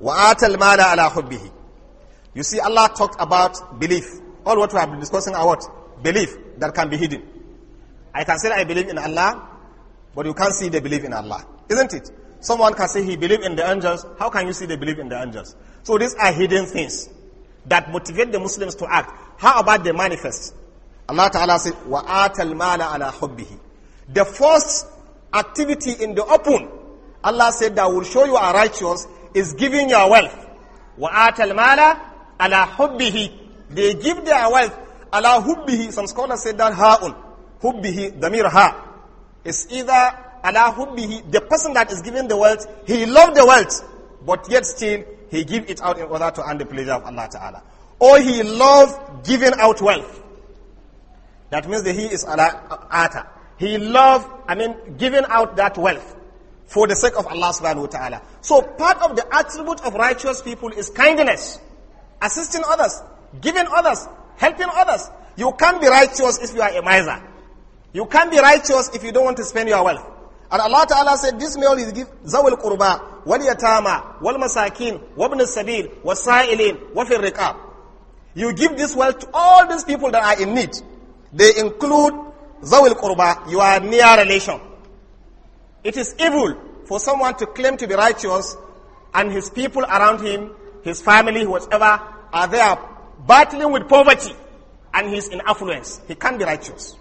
وَآتَ الْمَالَ ala حُبِّهِ You see, Allah talked about belief. All what we have been discussing are what? Belief that can be hidden. I can say I believe in Allah, but you can't see the belief in Allah. Isn't it? Someone can say he believes in the angels. How can you say they believe in the angels? So these are hidden things that motivate the Muslims to act. How about the manifest? Allah Ta'ala said, وَآتَ الْمَالَ عَلَىٰ حُبِّهِ The first activity in the open, Allah said that will show you are righteous, is giving your wealth. وَآتَ الْمَالَ عَلَىٰ حُبِّهِ They give their wealth Allah hubbihi. Some scholars said that ha'un. Hubbihi, damir ha. It's either would be the person that is giving the wealth, he loved the wealth, but yet still he give it out in order to earn the pleasure of Allah Ta'ala. Or he loved giving out wealth. That means that he is Allah. ata. He loved, I mean, giving out that wealth for the sake of Allah subhanahu wa ta'ala. So part of the attribute of righteous people is kindness, assisting others, giving others, helping others. You can't be righteous if you are a miser. You can't be righteous if you don't want to spend your wealth. And Allah Ta'ala said, this meal is give zawil qurba, wal yatama, wal masakin, wabn sabil, wasailin, wafir rikab. You give this wealth to all these people that are in need. They include zawil qurba, you are near relation. It is evil for someone to claim to be righteous and his people around him, his family, whatever, are there battling with poverty and he's in affluence. He can't be righteous.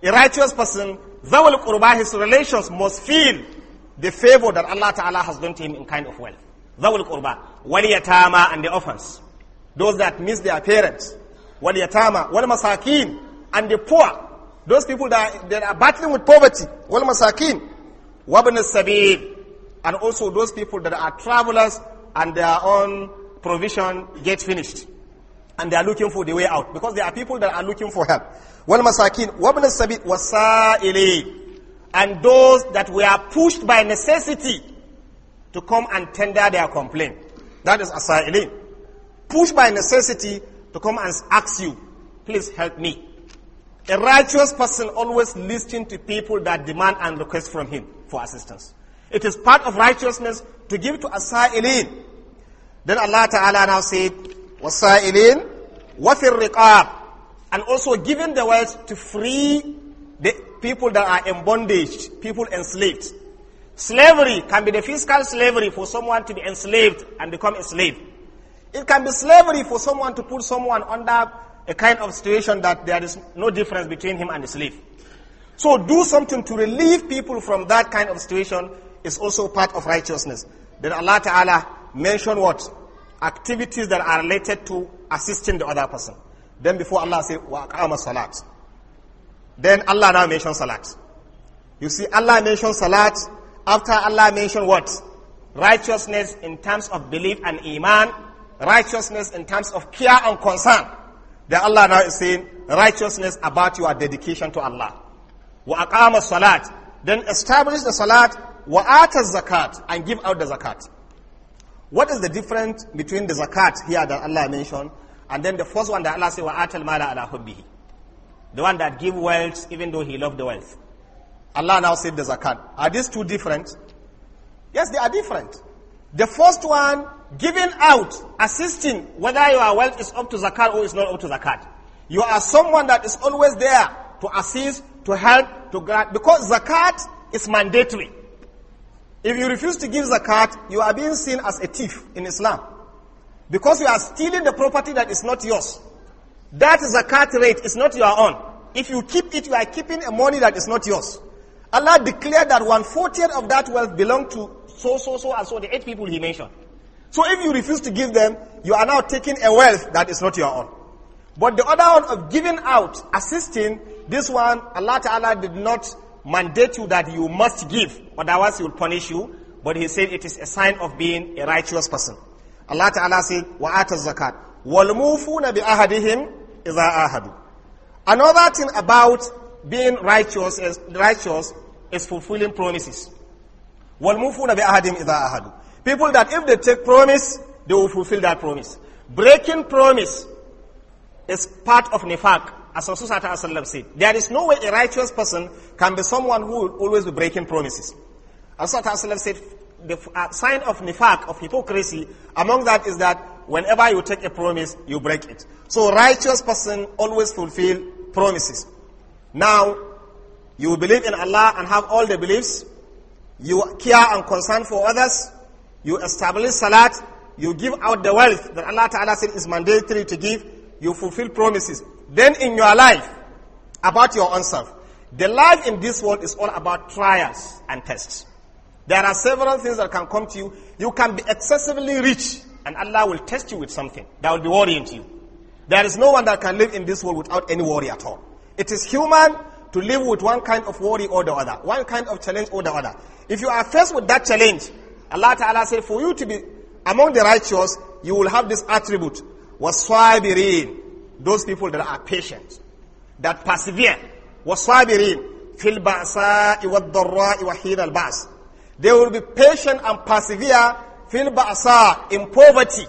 A righteous person Zawal Qurba, his relations must feel the favor that Allah Ta'ala has done to him in kind of wealth. Zawal Qurba, Yatama and the orphans, those that miss their parents, Waliyatama. Yatama, Wal Masakin and the poor, those people that are, that are battling with poverty, Wal Masakin, Wabn and also those people that are travelers and their own provision get finished and they are looking for the way out because there are people that are looking for help. Wal masakin wabn sabit wasaili and those that were pushed by necessity to come and tender their complaint. That is asaili. Pushed by necessity to come and ask you, please help me. A righteous person always listens to people that demand and request from him for assistance. It is part of righteousness to give to asailin. Then Allah Ta'ala now said, What's وَفِي الرِّقَابِ And also giving the words to free the people that are in bondage, people enslaved. Slavery can be the physical slavery for someone to be enslaved and become enslaved. It can be slavery for someone to put someone under a kind of situation that there is no difference between him and the slave. So do something to relieve people from that kind of situation is also part of righteousness. Then Allah Ta'ala mentioned what? activities that are related to assisting the other person. Then before Allah say, waqama salat. Then Allah now mentions salat. You see, Allah mentions salat after Allah mentioned what? Righteousness in terms of belief and iman, righteousness in terms of care and concern. Then Allah now is saying, righteousness about your dedication to Allah. Wa aqama salat. Then establish the salat, wa ata zakat, and give out the zakat. What is the difference between the zakat here that Allah mentioned and then the first one that Allah said, وَآتَ al ala hubbihi. The one that give wealth even though he loved the wealth. Allah now said the zakat. Are these two different? Yes, they are different. The first one, giving out, assisting, whether your wealth is up to zakat or is not up to zakat. You are someone that is always there to assist, to help, to grant, because zakat is mandatory. If you refuse to give zakat, you are being seen as a thief in Islam. Because you are stealing the property that is not yours. That zakat rate is not your own. If you keep it, you are keeping a money that is not yours. Allah declared that one fortieth of that wealth belonged to so, so, so, and so, the eight people he mentioned. So if you refuse to give them, you are now taking a wealth that is not your own. But the other one of giving out, assisting, this one, Allah Ta'ala did not mandate you that you must give, otherwise he will punish you. But he said it is a sign of being a righteous person. Allah Ta'ala said, وَآتَ الزَّكَاةِ وَالْمُوفُونَ بِأَهَدِهِمْ إِذَا أَهَدُوا Another thing about being righteous is, righteous is fulfilling promises. وَالْمُوفُونَ بِأَهَدِهِمْ إِذَا ahadu. People that if they take promise, they will fulfill that promise. Breaking promise is part of nifaq. As Rasulullah sallam said, there is no way a righteous person can be someone who will always be breaking promises. As Rasulullah sallam said, the uh, sign of nifaq, of hypocrisy, among that is that whenever you take a promise, you break it. So righteous person always fulfill promises. Now, you believe in Allah and have all the beliefs. You care and concern for others. You establish salat. You give out the wealth that Allah Ta'ala said is mandatory to give. You fulfill promises. Then in your life, about your own self, the life in this world is all about trials and tests. There are several things that can come to you. You can be excessively rich, and Allah will test you with something that will be worrying to you. There is no one that can live in this world without any worry at all. It is human to live with one kind of worry or the other, one kind of challenge or the other. If you are faced with that challenge, Allah Ta'ala said, for you to be among the righteous, you will have this attribute, was sabirin. Those people that are patient, that persevere, wasabirin, fil ba'sa'i wa dharra'i al ba's. They will be patient and persevere, fil ba'sa, in poverty.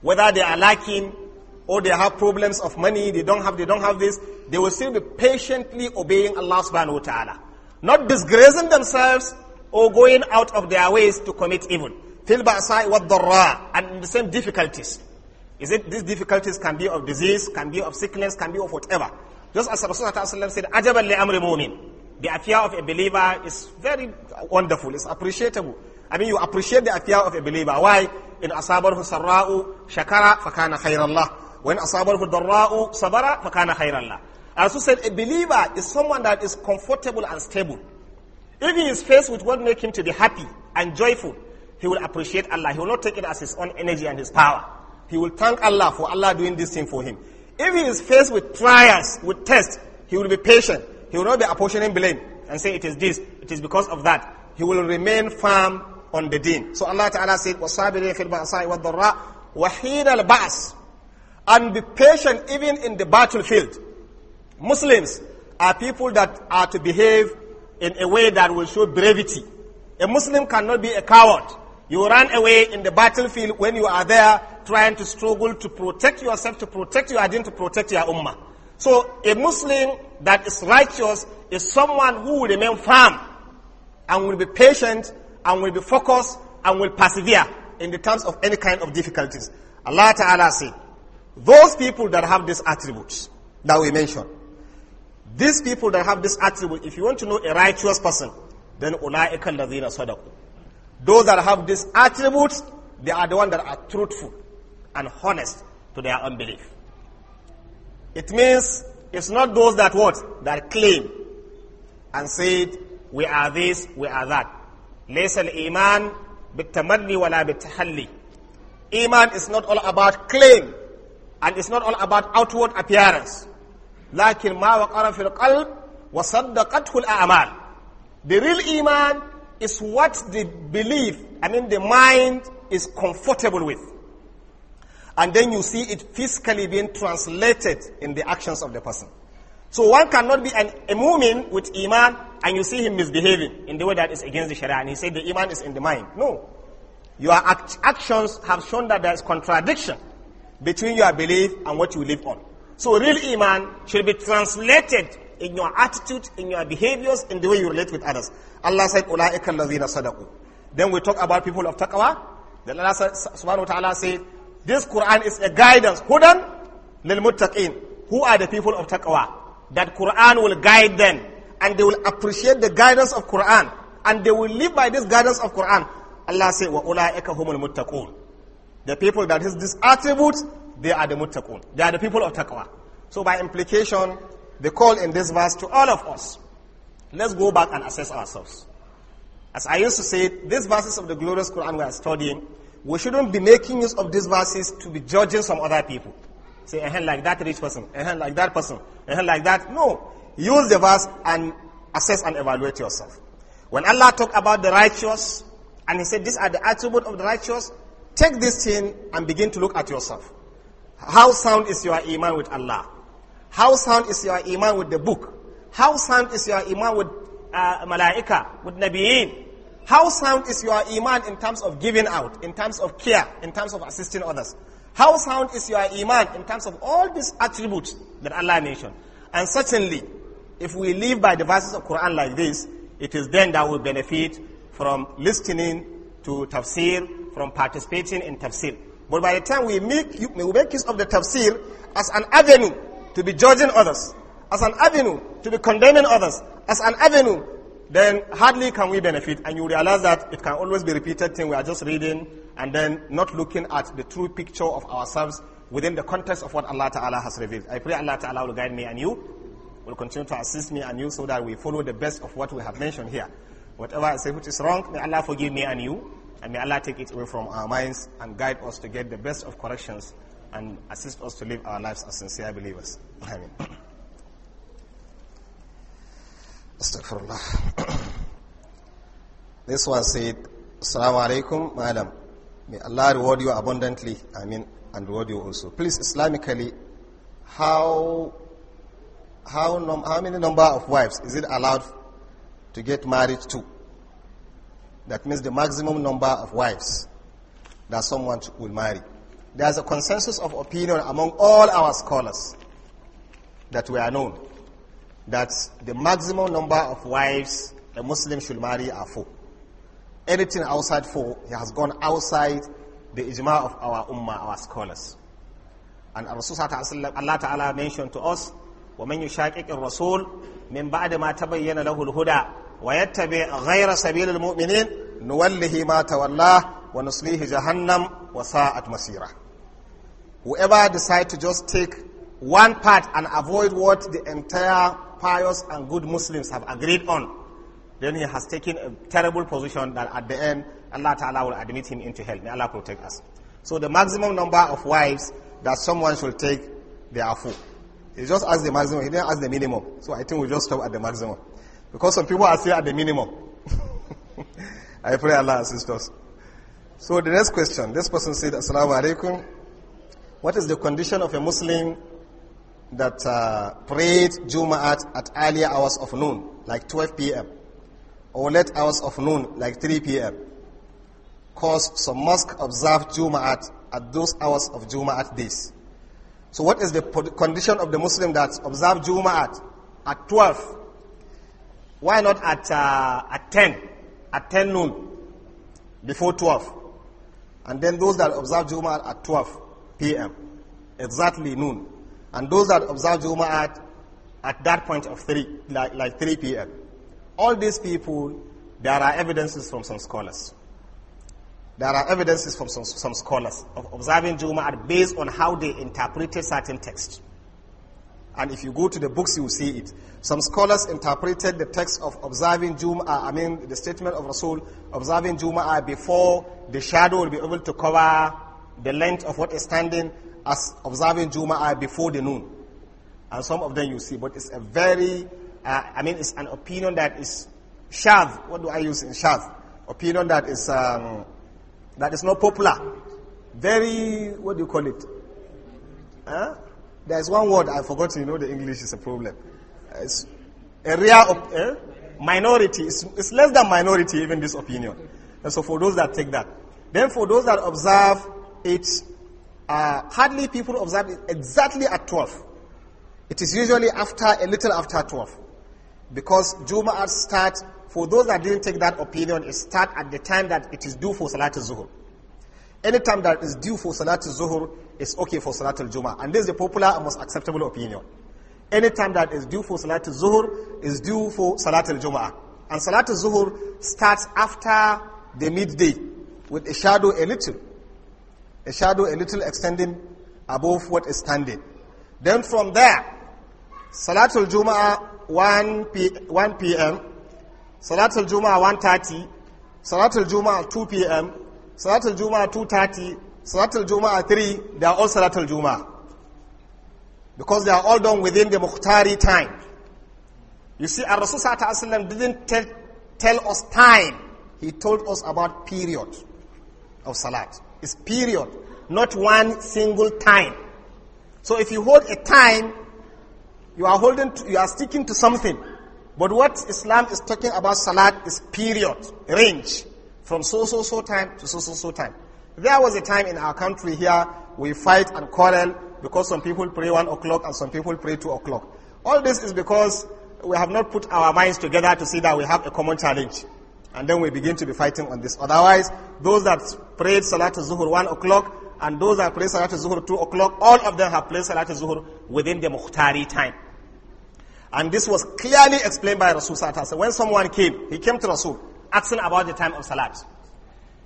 Whether they are lacking, or they have problems of money, they don't have, they don't have this, they will still be patiently obeying Allah subhanahu wa ta'ala. Not disgracing themselves or going out of their ways to commit evil. Fil ba'sa'i wa and in the same difficulties. Is it these difficulties can be of disease, can be of sickness, can be of whatever. Just as Rasulullah said, Ajaban li amri mu'min. The affair of a believer is very wonderful, it's appreciable. I mean, you appreciate the affair of a believer. Why? In asabarhu sarra'u shakara fakana khairallah. When asabarhu darra'u sabara fakana khairallah. I also said a believer is someone that is comfortable and stable. If he is faced with what makes him to be happy and joyful, he will appreciate Allah. He will not take it as his own energy and his power. He will thank Allah for Allah doing this thing for him. If he is faced with trials, with tests, he will be patient. He will not be apportioning blame and say it is this, it is because of that. He will remain firm on the deen. So Allah Ta'ala said, وَصَابِرِينَ فِي الْبَأْسَاءِ وَالضَّرَّاءِ وَحِينَ الْبَأْسِ And be patient even in the battlefield. Muslims are people that are to behave in a way that will show brevity. A Muslim cannot be a coward. You run away in the battlefield when you are there trying to struggle to protect yourself, to protect your identity, to protect your ummah. So a Muslim that is righteous is someone who will remain firm and will be patient and will be focused and will persevere in the terms of any kind of difficulties. Allah Ta'ala said, those people that have these attributes that we mentioned, these people that have this attribute, if you want to know a righteous person, then ulaika alladhina Those that have these attributes, they are the ones that are truthful and honest to their unbelief. It means it's not those that what? That claim and said, we are this, we are that. ليس الإيمان بالتمني ولا بالتحلي. Iman is not all about claim and it's not all about outward appearance. لكن ما وقر في القلب وصدقته الأعمال. The real Iman is what the belief, I mean the mind is comfortable with and then you see it physically being translated in the actions of the person. So one cannot be an, a mu'min with iman and you see him misbehaving in the way that is against the sharia and he said the iman is in the mind. No. Your act actions have shown that there is contradiction between your belief and what you live on. So real iman should be translated in your attitude, in your behaviors, in the way you relate with others. Allah said, أُولَٰئِكَ Then we talk about people of taqwa. Then Allah subhanahu wa ta'ala said, this Quran is a guidance. then, lil muttaqin. Who are the people of taqwa? That Quran will guide them and they will appreciate the guidance of Quran and they will live by this guidance of Quran. Allah says, "Wa ulaika humul muttaqun." The people that is this attribute, they are the muttaqun. They are the people of taqwa. So by implication, the call in this verse to all of us. Let's go back and assess ourselves. As I used to say, these verses of the glorious Quran we are studying we shouldn't be making use of these verses to be judging some other people. Say, hand eh, eh, like that rich person, hand eh, like that person, hand like that. No. Use the verse and assess and evaluate yourself. When Allah talked about the righteous, and He said, these are the attributes of the righteous, take this thing and begin to look at yourself. How sound is your iman with Allah? How sound is your iman with the book? How sound is your iman with uh, malaika, with nabiyin? How sound is your iman in terms of giving out, in terms of care, in terms of assisting others? How sound is your iman in terms of all these attributes that Allah mentioned? And certainly, if we live by the verses of Quran like this, it is then that we benefit from listening to tafsir, from participating in tafsir. But by the time we make, we make use of the tafsir as an avenue to be judging others, as an avenue to be condemning others, as an avenue then hardly can we benefit. And you realize that it can always be repeated thing. We are just reading and then not looking at the true picture of ourselves within the context of what Allah Ta'ala has revealed. I pray Allah Ta'ala will guide me and you, will continue to assist me and you so that we follow the best of what we have mentioned here. Whatever I say which is wrong, may Allah forgive me and you, and may Allah take it away from our minds and guide us to get the best of corrections and assist us to live our lives as sincere believers. Amen. Astaghfirullah. this was said, Assalamu alaikum, madam. May Allah reward you abundantly. I mean, and reward you also. Please, Islamically, how how num, how many number of wives is it allowed to get married to? That means the maximum number of wives that someone will marry. There's a consensus of opinion among all our scholars that we are known that the maximum number of wives a Muslim should marry are four. Anything outside four, he has gone outside the ijma of our ummah, our scholars. And Rasulullah Allah Ta'ala mentioned to us, وَمَنْ يُشَاكِكِ الرَّسُولِ مِنْ بَعْدِ مَا تَبَيَّنَ لَهُ الْهُدَى وَيَتَّبِعْ غَيْرَ سَبِيلِ الْمُؤْمِنِينَ نُوَلِّهِ مَا تَوَلَّاهُ وَنُصْلِيهِ جَهَنَّمْ وَسَاءَتْ مَصِيرًا Whoever decides to just take one part and avoid what the entire pious and good Muslims have agreed on, then he has taken a terrible position that at the end, Allah Ta'ala will admit him into hell. May Allah protect us. So the maximum number of wives that someone should take, they are four. He just asked the maximum, he didn't ask the minimum. So I think we just stop at the maximum. Because some people are still at the minimum. I pray Allah assist us. So the next question, this person said, Assalamu alaikum. What is the condition of a Muslim that uh, prayed Jumu'at at earlier hours of noon, like 12 p.m., or late hours of noon, like 3 p.m., cause some mosque observe Juma at those hours of at days. So what is the condition of the Muslim that observe Juma at 12? Why not at, uh, at 10? At 10 noon, before 12. And then those that observe Juma at 12 p.m., exactly noon, and those that observe Juma at, at that point of 3, like, like 3 p.m. All these people, there are evidences from some scholars. There are evidences from some, some scholars of observing Jum'at based on how they interpreted certain texts. And if you go to the books, you will see it. Some scholars interpreted the text of observing Juma, I mean the statement of Rasul, observing Juma before the shadow will be able to cover the length of what is standing as observing Jum'ah before the noon. And some of them you see, but it's a very, uh, I mean, it's an opinion that is shadh. What do I use in shadh? Opinion that is, um, that is not popular. Very, what do you call it? Huh? There's one word I forgot, you know, the English is a problem. It's area of eh? minority. It's, it's less than minority, even this opinion. And so for those that take that. Then for those that observe it uh, hardly people observe it exactly at 12. It is usually after a little after 12. Because Juma starts, for those that didn't take that opinion, it starts at the time that it is due for Salat al-Zuhur. Any time that is due for Salat al-Zuhur is okay for Salat al-Jum'ah. And this is the popular and most acceptable opinion. Any time that is due for Salat al-Zuhur is due for Salat al-Jum'ah. And Salat al-Zuhur starts after the midday with a shadow a little a shadow a little extending above what is standing. Then from there, Salatul Jum'ah 1, p 1 p.m., Salatul Jum'ah 1.30, Salatul Jum'ah 2 p.m., Salatul Jum'ah 2.30, Salatul Jum'ah 3, they are all Salatul Jum'ah. Because they are all done within the Mukhtari time. You see, our Rasul didn't tell, tell us time. He told us about period of Salat. Is period, not one single time. So if you hold a time, you are holding, to, you are sticking to something. But what Islam is talking about salat is period, range, from so so so time to so so so time. There was a time in our country here we fight and quarrel because some people pray one o'clock and some people pray two o'clock. All this is because we have not put our minds together to see that we have a common challenge. And then we begin to be fighting on this. Otherwise, those that prayed Salat al-Zuhur 1 o'clock and those that prayed Salat al-Zuhur 2 o'clock, all of them have prayed Salat al-Zuhur within the Mukhtari time. And this was clearly explained by Rasul Sallallahu When someone came, he came to Rasul asking about the time of Salat.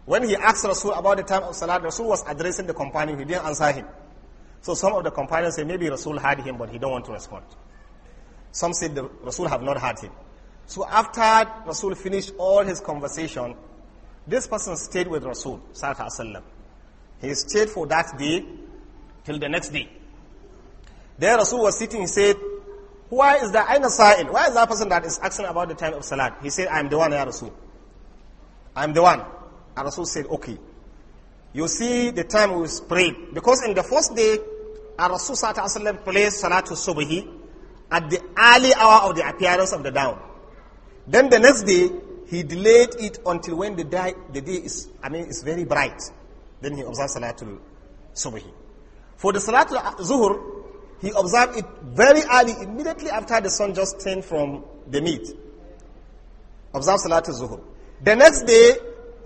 When he asked Rasul about the time of Salat, Rasul was addressing the companion. He didn't answer him. So some of the companions say maybe Rasul had him, but he don't want to respond. Some said the Rasul have not had him. So after Rasul finished all his conversation, this person stayed with Rasul, sallallahu He stayed for that day till the next day. There Rasul was sitting, he said, why is that Aina Sa'il? Why is that person that is asking about the time of Salat? He said, I am the one, Ya Rasul. I am the one. And Rasul said, okay. You see the time we prayed. Because in the first day, Rasul Sallallahu Alaihi Wasallam placed Salatul Subhi at the early hour of the appearance of the dawn. Then the next day, he delayed it until when the day, the day is, I mean, it's very bright. Then he observed Salatul Subhi. For the Salatul Zuhur, he observed it very early, immediately after the sun just turned from the meat. Observe Salatul Zuhur. The next day,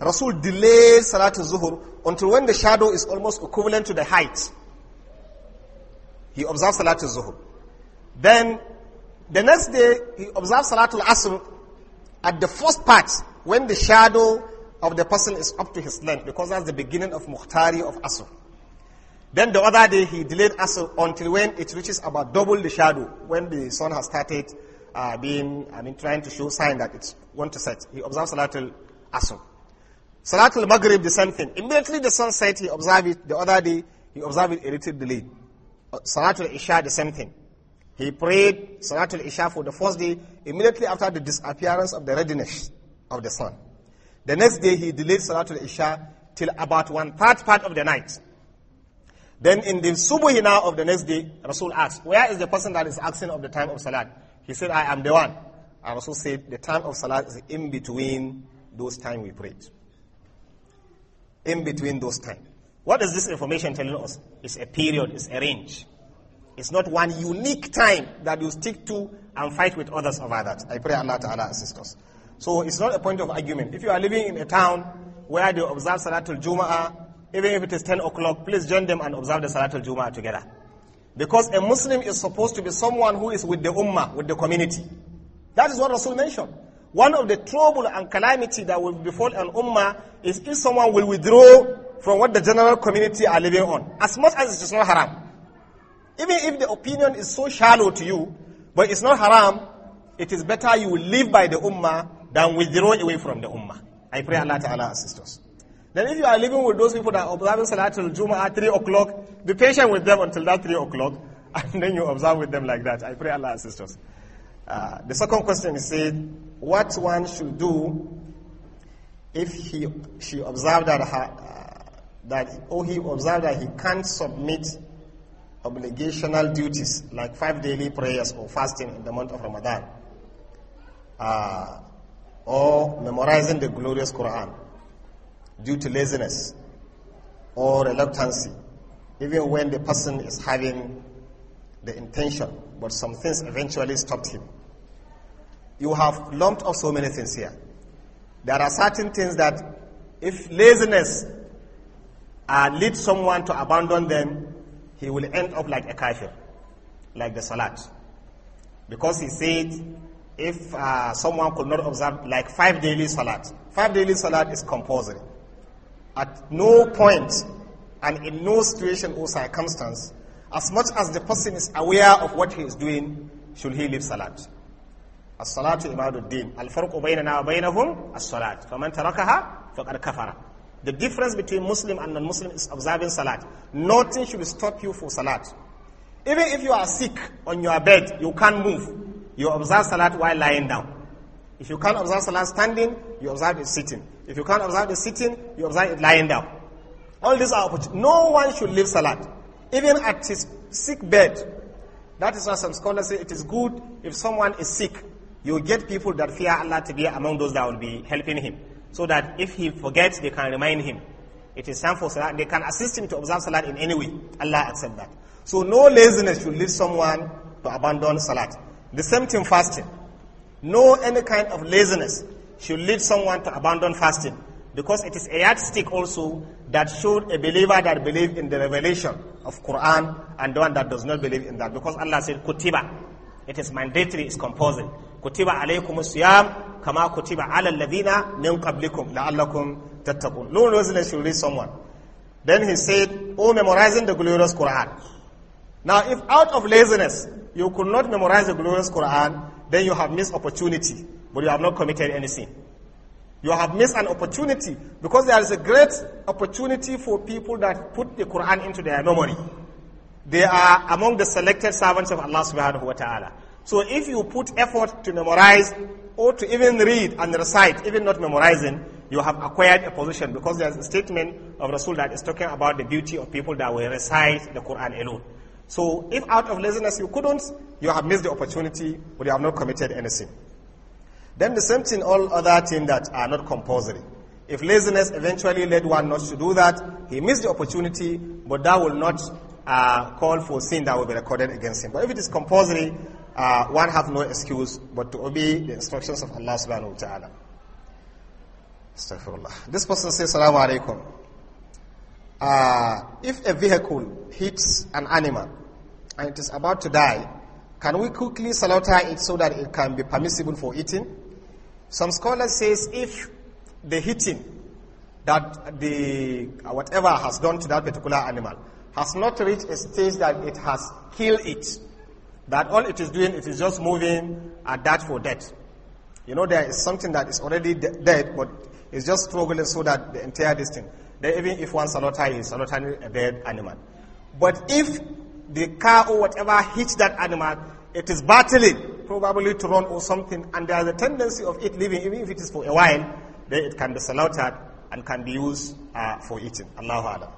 Rasul delayed Salatul Zuhur until when the shadow is almost equivalent to the height. He observed Salatul Zuhur. Then, the next day, he observed Salatul Asr at the first part, when the shadow of the person is up to his length, because that's the beginning of Muhtari of Asr. Then the other day he delayed Asr until when it reaches about double the shadow, when the sun has started uh, being, I mean, trying to show sign that it's going to set. He observes Salatul Asr. Salatul Maghrib, the same thing. Immediately the sun set, he observed it. The other day, he observed it a little delayed. Uh, Salatul Isha, the same thing. He prayed Salatul Isha for the first day, immediately after the disappearance of the readiness of the sun. The next day, he delayed Salatul Isha till about one third part of the night. Then in the Subuhi now of the next day, Rasul asked, where is the person that is asking of the time of Salat? He said, I am the one. And also said, the time of Salat is in between those time we prayed. In between those time. What is this information telling us? It's a period, it's a range. It's not one unique time that you stick to and fight with others over that. I pray Allah Ta'ala assist us. So it's not a point of argument. If you are living in a town where they observe Salatul Jumu'ah, even if it is 10 o'clock, please join them and observe the Salatul Jumu'ah together. Because a Muslim is supposed to be someone who is with the ummah, with the community. That is what Rasul mentioned. One of the trouble and calamity that will befall an ummah is if someone will withdraw from what the general community are living on, as much as it is not haram. Even if the opinion is so shallow to you, but it's not haram, it is better you live by the ummah than withdraw away from the ummah. I pray Allah Ta'ala assist us. Then if you are living with those people that are observing Salatul Jummah at 3 o'clock, be patient with them until that 3 o'clock, and then you observe with them like that. I pray Allah assist us. Uh, the second question is said, what one should do if he, she observed that, her, uh, that or oh, he observed that he can't submit obligational duties like five daily prayers or fasting in the month of Ramadan, uh, or memorizing the glorious Quran due to laziness or reluctancy, even when the person is having the intention, but some things eventually stopped him. You have lumped up so many things here. There are certain things that if laziness uh, leads someone to abandon them, he will end up like a kafir, like the salat. Because he said, if uh, someone could not observe like five daily salat, five daily salat is compulsory. At no point and in no situation or circumstance, as much as the person is aware of what he is doing, should he leave salat. الصلاة عماد الدين الفرق بيننا as salat فمن تركها فقد kafara. The difference between Muslim and non-Muslim is observing Salat. Nothing should stop you for Salat. Even if you are sick on your bed, you can't move. You observe Salat while lying down. If you can't observe Salat standing, you observe it sitting. If you can't observe it sitting, you observe it lying down. All these are opportunities. No one should leave Salat. Even at his sick bed. That is why some scholars say it is good if someone is sick. You get people that fear Allah to be among those that will be helping him so that if he forgets, they can remind him. It is time for salah. They can assist him to observe salah in any way. Allah accept that. So no laziness should lead someone to abandon salah. The same thing fasting. No any kind of laziness should lead someone to abandon fasting because it is a yardstick also that showed a believer that believe in the revelation of Quran and the one that does not believe in that because Allah said kutiba. It is mandatory, it's compulsory kutiba alaykumus siyam kama kutiba alal ladina min qablikum la'allakum tattaqun no Muslim will reach someone then he said oh memorizing the glorious Quran now if out of laziness you could not memorize the glorious Quran then you have missed opportunity but you have not committed any sin you have missed an opportunity because there is a great opportunity for people that put the Quran into their memory. They are among the selected servants of Allah subhanahu wa ta'ala. So if you put effort to memorize or to even read and recite, even not memorizing, you have acquired a position because there's a statement of Rasul that is talking about the beauty of people that will recite the Quran alone. So if out of laziness you couldn't, you have missed the opportunity or you have not committed anything. Then the same thing, all other things that are not compulsory. If laziness eventually led one not to do that, he missed the opportunity, but that will not uh, call for sin that will be recorded against him. But if it is compulsory, uh, one have no excuse but to obey the instructions of Allah subhanahu wa ta'ala. Astaghfirullah. This person says, Salaamu Alaikum. Uh, if a vehicle hits an animal and it is about to die, can we quickly slaughter it so that it can be permissible for eating? Some scholars says if the hitting that the uh, whatever has done to that particular animal has not reached a stage that it has killed it, that all it is doing, it is just moving at that for dead. You know, there is something that is already de dead, but it's just struggling so that the entire distance. Then even if one salotari is salotari a dead animal. But if the car or whatever hits that animal, it is battling, probably to run or something, and there is a tendency of it living, even if it is for a while, then it can be slaughtered and can be used uh, for eating. Allahu harder.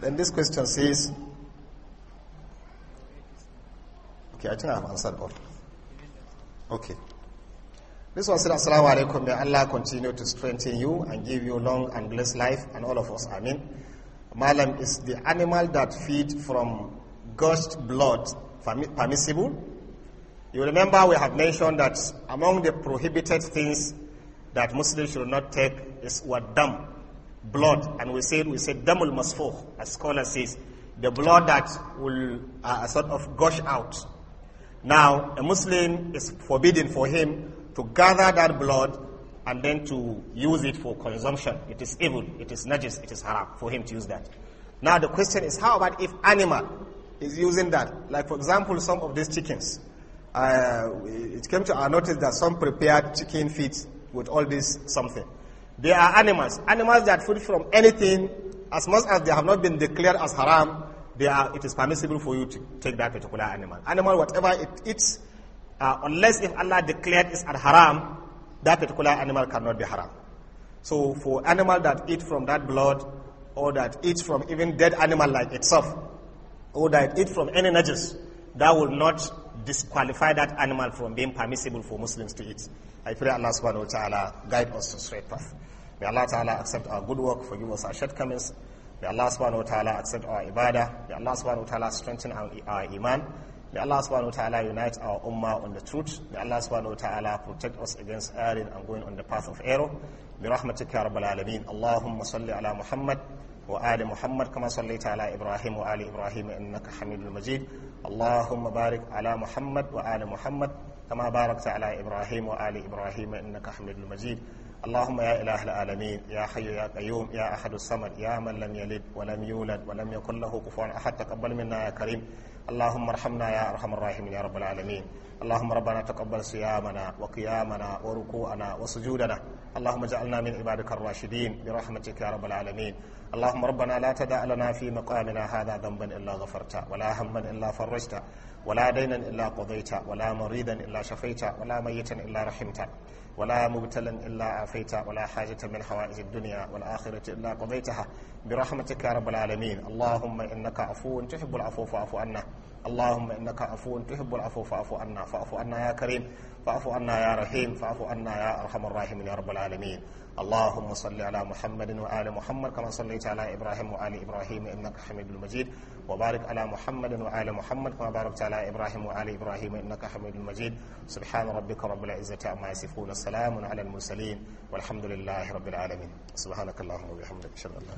Then this question says, Okay, I think I have answered all. Okay. This one said, Assalamu alaikum. May Allah continue to strengthen you and give you long and blessed life, and all of us. mean, Malam, is the animal that feeds from gushed blood permissible? You remember we have mentioned that among the prohibited things that Muslims should not take is what dam, blood. And we said, we said damul masfuh, as scholar says, the blood that will uh, sort of gush out. Now, a Muslim is forbidden for him to gather that blood and then to use it for consumption. It is evil, it is najis, it is haram for him to use that. Now the question is, how about if animal is using that? Like for example, some of these chickens. Uh, it came to our notice that some prepared chicken feet with all this something. They are animals, animals that food from anything, as much as they have not been declared as haram, are, it is permissible for you to take that particular animal. Animal, whatever it eats, uh, unless if Allah declared it's al haram, that particular animal cannot be haram. So for animal that eat from that blood, or that eats from even dead animal like itself, or that eat from any najis, that will not disqualify that animal from being permissible for Muslims to eat. I pray Allah subhanahu wa ta'ala guide us to straight path. May Allah ta'ala accept our good work, forgive us our shortcomings, May Allah subhanahu wa ta'ala accept our ibadah. May Allah subhanahu wa ta'ala strengthen our, our iman. May Allah subhanahu wa ta'ala unite our ummah on the truth. May Allah subhanahu wa ta'ala protect us against erring and going on the path of error. برحمتك يا رب العالمين اللهم صل على محمد وآل محمد كما صليت على إبراهيم وآل إبراهيم إنك حميد مجيد اللهم بارك على محمد وآل محمد كما باركت على إبراهيم وآل إبراهيم إنك حميد مجيد اللهم يا إله العالمين يا حي يا قيوم يا أحد الصمد يا من لم يلد ولم يولد ولم يكن له كفوا أحد تقبل منا يا كريم اللهم ارحمنا يا أرحم الراحمين يا رب العالمين اللهم ربنا تقبل صيامنا وقيامنا وركوعنا وسجودنا اللهم اجعلنا من عبادك الراشدين برحمتك يا رب العالمين اللهم ربنا لا تدع لنا في مقامنا هذا ذنبا إلا غفرته ولا هما إلا فرجته ولا دينا إلا قضيته ولا مريضا إلا شفيته ولا ميتا إلا رحمته ولا مبتلا إلا عافيته ولا حاجة من حوائج الدنيا والآخرة إلا قضيتها برحمتك يا رب العالمين اللهم إنك عفو تحب العفو فاعف عنا اللهم إنك عفو تحب العفو فاعف عنا فاعف عنا يا كريم فاعف عنا يا رحيم فاعف عنا يا أرحم الراحمين يا رب العالمين اللهم صل على محمد وآل محمد كما صليت على إبراهيم وآل إبراهيم إنك حميد مجيد وبارك على محمد وآل محمد كما باركت على إبراهيم وآل إبراهيم إنك حميد مجيد سبحان ربك رب العزة عما يصفون السلام على المرسلين والحمد لله رب العالمين سبحانك اللهم وبحمدك أشهد أن لا